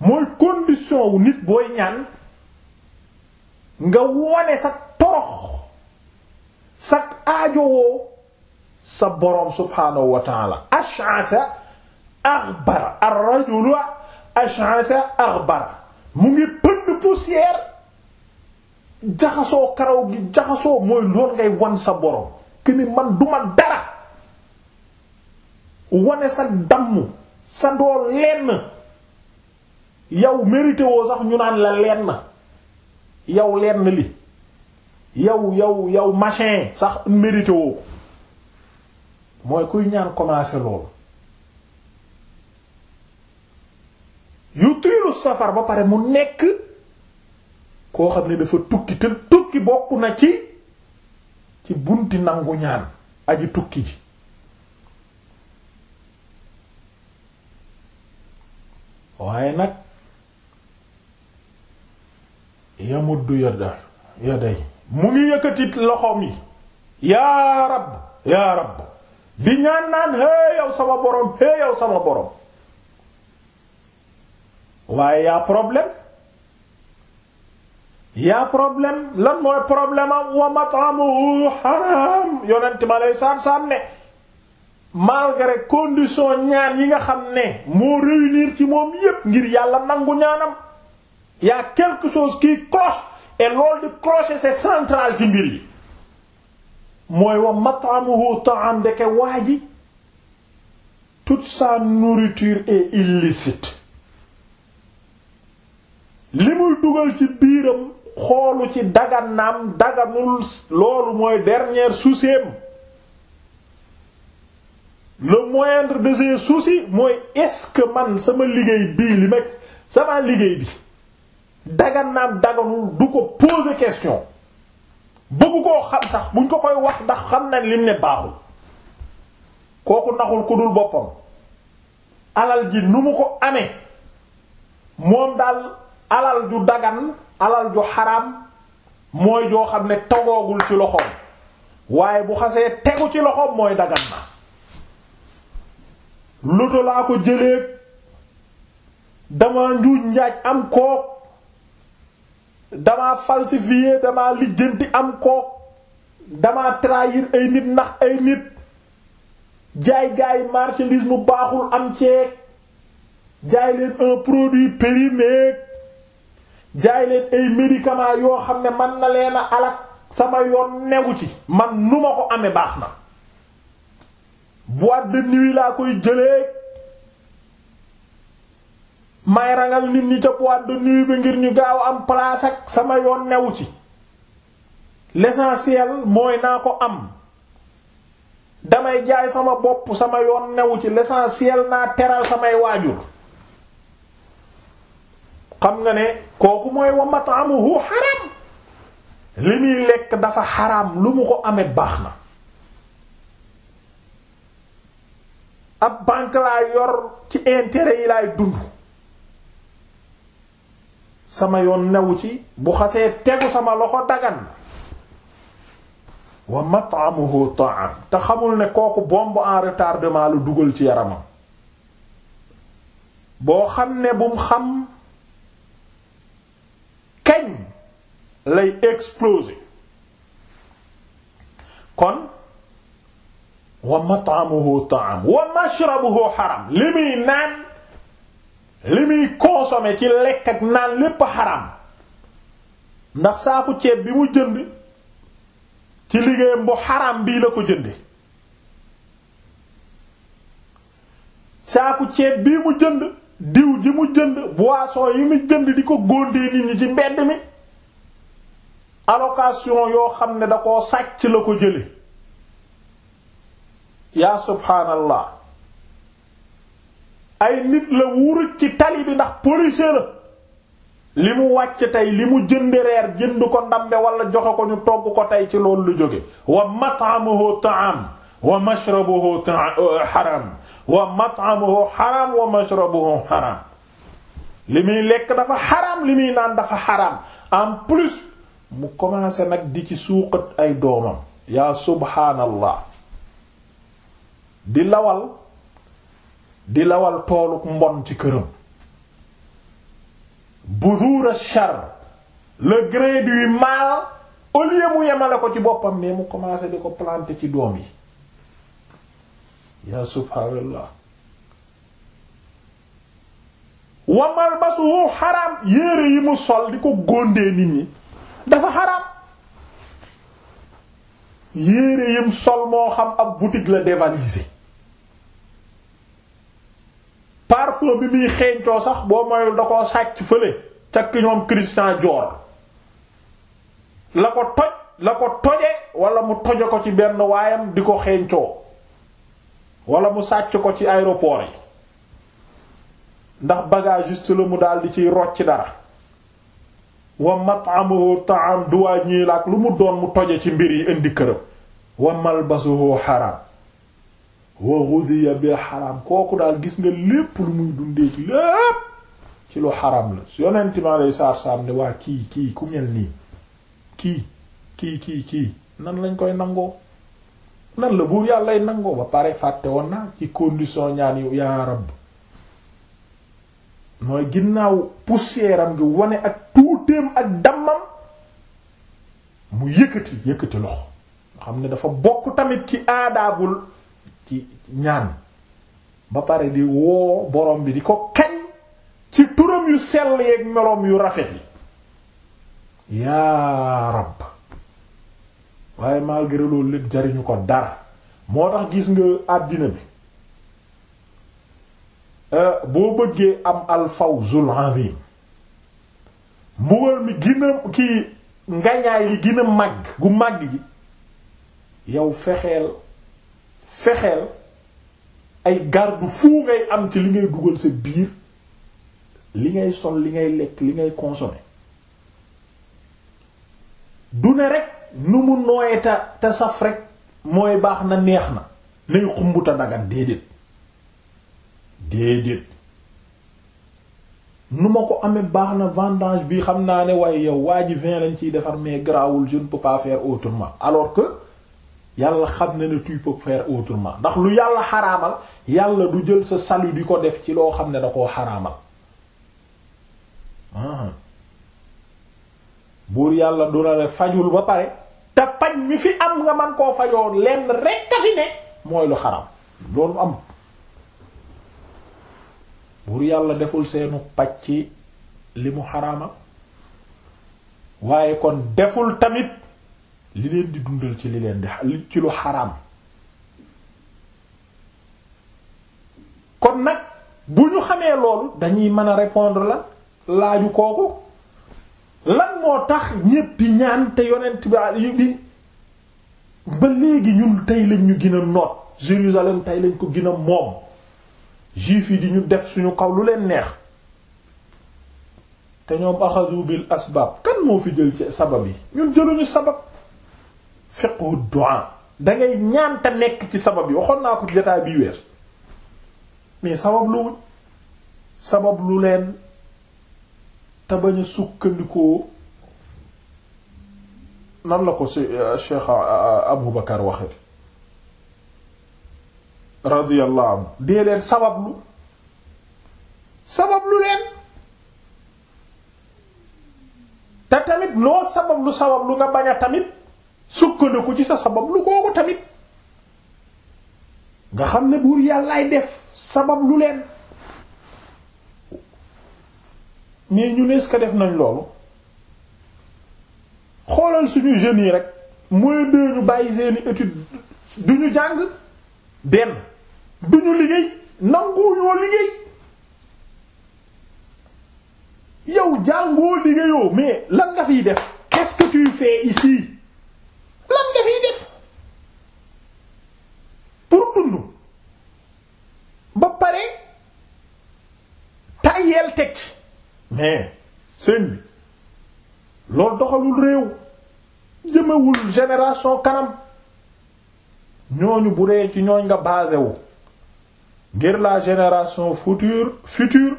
mooy condition wu nit booy ñaan nga wone sa torox sa aajowoo sa boroom subhaanahu wa taala ash'atha aghbara ar-rajulu ash'atha aghbara mu ngi pënd poussière jaxasoo karaw gi jaxasoo mooy lool ngay wan sa boroom keni man duma dara wane sa damm sa doo lenn yow mérité sax ñu naan la lenn yow lenn li yow yow yow machin sax mérité mooy kuy ñaan commencé loolu yu tiilu safar ba pare mu nekk koo xam ne dafa tukki te tukki bokk na ci ci bunti nangu ñaan aji tukki ji waaye nag yamuddu yadda yadday mu ngi yëkkatit loxoom yi yaa rab yaa rab di ñaan naan hee yow sama borom hee yow sama borom waaye yaa problème yaa problème lan mooy problème am wa mat'amuhu haram yonent ma lay saam saam ne malgré condition ñaan yi nga xam ne moo réunir ci moom yépp ngir yàlla nangu ñaanam y a quelque chose cloche et loolu di clocher c'est central ci mbir yi mooy wa mat'amuhu ta'am ndeke waa ji toute sa nourriture est illicite li muy dugal ci biiram xoolu ci daganam daganul loolu mooy dernière souceem le moindre de ses soucis mooy est-ce que man sama liggéey bii li mag sama liggéey bi dagan naam daganul du ko poser question bëggu koo xam sax buñ ko koy wax ndax xam na lim ne baaxul kooku naxul ku dul boppam alal ji nu mu ko ame moom daal alal ju dagan alal ju xaraam mooy joo xam ne tagoogul ci loxoom waaye bu xasee tegu ci loxoom mooy dagan na loto laa ko jëlee dama njuuj njaaj am kook dama falsifié dama lijjanti am kook dama trahir ay nit ndax ay nit jaay gaay marchandise mu baaxul am ci jaay leen un produit périmé jaay leen ay médicaments yoo xam ne man na leen a alak sama yoon newu ci man nu ma ko amee baax na boîte de nuit laa koy jëlee may rangal nit ñi ca boîte de nuit bi ngir ñu gaaw am place ak sama yoon newu ci l'essentiel mooy naa ko am damay jaay sama bopp sama yoon newu ci l'essentiel naa teral samay waajur xam nga ne kooku mooy wa mat'amuhu xaram li muy lekk dafa xaram lu mu ko amee baax na ab banque laa yor ci intérêt yi laay dund sama yoon newu ci bu xasee tegu sama loxo dagan wa mat'amuhu ta'am te xamul ne kooku bomb en retardement lu dugal ci yaramam boo xam ne bum xam kañ lay exploser kon wa mat'amuhu ta'am wa mashrabuhu haram li muy naan li muy consommer ci lekk ak naan lépp haram ndax saaku ceeb bi mu jënd ci liggéeyam bu haram bii la ko jënde saaku ceeb bi mu jënd diw ji mu jënd boisson yi mu jënd di ko góondee nit ñi ci mbedd mi allocation yoo xam ne da koo sàcc la ko jële yaa subhaanallah ay nit la wuruj ci tali bi ndax policier la li mu wàcc tey li mu jënd reer jënd ko ndambe wala joxe ko ñu togg ko tey ci loolu lu jóge wa mat'amuhu ta'am wa mashrabuhu uh, haram wa mat'amuhu haram wa mashrabuhu haram li muy lekk dafa haram li muy naan dafa haram en plus mu commencé nag di ci suuqat ay doomam yaa subhaanallah di lawal di lawal toolu mbon ci këram bu char le gré du mal au lieu mu yemale ko ci boppam mais mu commencé di ko planter ci doom yi ya subhaanallah wa malbasuhu xaraam yére yi mu sol di ko góndee nit ñi dafa xaraam yére yim sol moo xam ab boutique la dévalisé parfum bi muy xeeñcoo sax boo moyul da koo sàcc fële cakk ñoom Christian Dior la ko toj la ko toje wala mu toje ko ci benn waayam di ko xeeñcoo wala mu sàcc ko ci aéroport yi ndax bagagiste la mu daal di ciy rocc dara wa mat'amuhu ta'am duwaañi la lu mu doon mu toje ci mbir yi indi këram wa malbasuhu haram wa ghuziya bil xaram kooku daal gis nga lépp lu muy dundee ci lépp ci lu xaram la su yonent mi alayhi salaatu salaam ne waa kii kii ku mel nii kii kii kii kii nan lañ koy nangoo nan la buur yàllay nangoo ba pare fàtte woon naa ci condition ñaan yu yaa rabb mooy ginnaaw poussière am ngi wane ak tuuteem ak dammam mu yëkkati yëkkati loxo xam ne dafa bokk tamit ci aadaagul ci ñaan ba pare di woo borom bi di ko kañ ci turam yu sell yeeg meloom yu rafet yi yaa rab waaye malgré loolu lépp jariñu ko dara moo tax gis nga àddina bi euh, boo bëggee am alfawzul azim mbugal mi gën a ngañaay li gën a gu màgg gi yow fexeel fexeel ay garde fou ngay am ci li ngay dugal sa biir li ngay sol li ngay lekk li ngay consommer du ne rek nu mu nooyee te te saf rek mooy baax na neex na nay xumbuta dagan déedéet déedéet nu ma ko amee baax na vendange bi xam naa ne waaye yow waa ji vin lañ ciy defar mais grawul je ne peux pas yàlla xam na ne tu peux faire autrement ndax lu yàlla xaraamal yàlla du jël sa salut di ko def ci loo xam ne da koo xaraamal ah. buur yàlla du la fajul ba pare te paj mi fi am nga man koo fajoo lenn rekk a fi ne mooy lu xaram loolu am buur yàlla deful seenu paj ci li mu xaraamal waaye kon deful tamit li leen di dundal ci li leen di ci lu kon nag bu ñu xamee loolu dañuy mën a répondre la laaju kooku lan moo tax ñépp di ñaan te yonent bi ba léegi ñun tey lañ ñu gën a noot Jérusalem tey lañ ko gën a moom juif yi di ñu def suñu kaw lu leen neex te ñoom axadu bil asbaab kan moo fi jël ci sabab yi ñun jëluñu sabab fiqhu du'a da ngay ñaanta nekk ci sabab yi waxoon naa ko jotaay bi weesu mais sabab lu sabab lu leen te bañ a sukkandikoo nan la ko si Cheikh Abu Bakar waxee radiyallahu anhu dee leen sabab lu sabab lu leen te tamit loo sabab lu sabab lu nga bañ a tamit sukkandiku ci sa sabab lu kooku tamit nga xam ne buur yàllaay def sabab lu leen mais ñu nees ko def nañ loolu xoolal suñu jeunes yi rek mooy dee ñu bàyyi seeni étude du ñu jàng benn du ñu liggéey nanguwuñoo liggéey yow jàngoo liggéeyoo mais lan nga fiy def qu'est-ce que tu fais ici pour dund ba pare tàyyeel teg ci mais seen bi loolu doxalul réew jëmewul génération kanam ñooñu bu dee ci ñooñ nga basé wu ngir la génération future future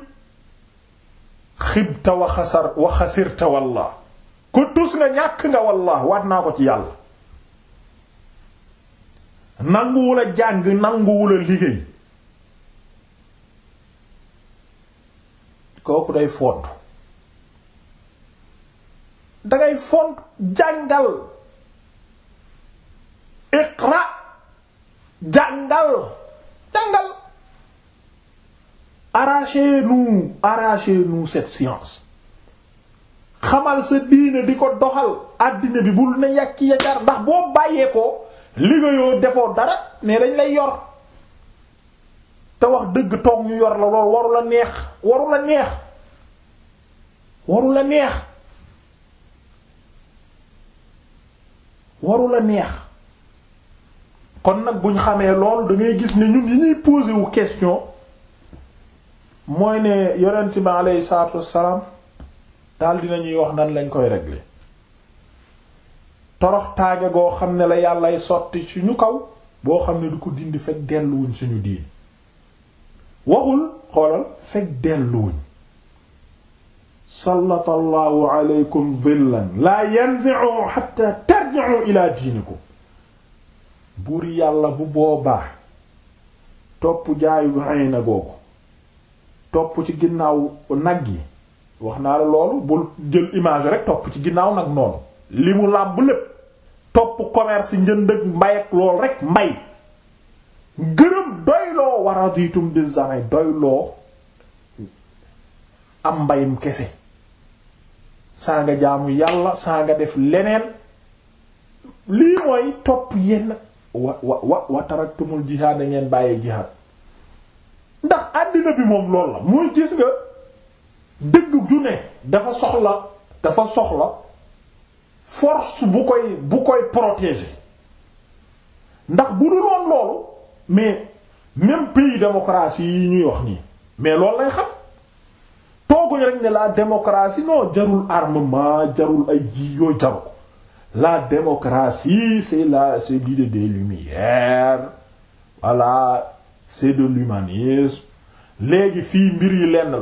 xibta wa xasar wa xasirta wallah ku tus nga ñàkk nga wallah waat naa ko ci yàlla nanguwul a jàng nanguwul a liggéey kooku day font dangay font jàngal iqra jàngal jàngal arrachez-nous arrachez-nous cette science xamal sa diine di ko doxal àddina bi bul na yàkki yajar ndax boo bàyyee ko liggéeyoo defoo dara mais dañ lay yor te wax dëgg toog ñu yor la lool waru la neex waru la neex waru la neex kon nag buñ xamee lool da gis ne ñun yi ñuy posé wu question mooy ne yonent bi aleyhi salaatu wassalaam daal dinañuy wax nan lañ koy régler torox taage goo xam ne la yàllay sotti suñu kaw boo xam ne du ko dindi fekk delluwuñ suñu diin waxul xoolal fekk delluwuñ sallata allahu aleykum dhillan laa yanzi'u hatta tarji'u ila ko buur yàlla bu boobaa topp jaayu ay na googu topp ci ginnaaw nag yi wax naa la loolu bul jël image rek topp ci ginnaaw nag noonu li mu làmb lépp topp commerce njënd ak mbay ak lool rek mbay gërëm doyloo waraditum di zamay doyloo am mbayum kese saa nga jaamu yàlla saa nga def leneen lii mooy topp yenn wa wa wa wa taraktumul ngeen bàyyee jihaad ndax àddina bi moom lool la muy gis nga dëgg ju ne dafa soxla dafa soxla force bu koy bu koy protéger ndax bu dul woon loolu mais même pays démocratie yi ñuy wax nii mais loolu lay xam tooguñu rek ne la démocratie non jarul armement jarul ay yooyu jaru ko la démocratie c'est la c'est l'idée des lumières voilà c'est de l'humanisme léegi fii mbir yi lenn la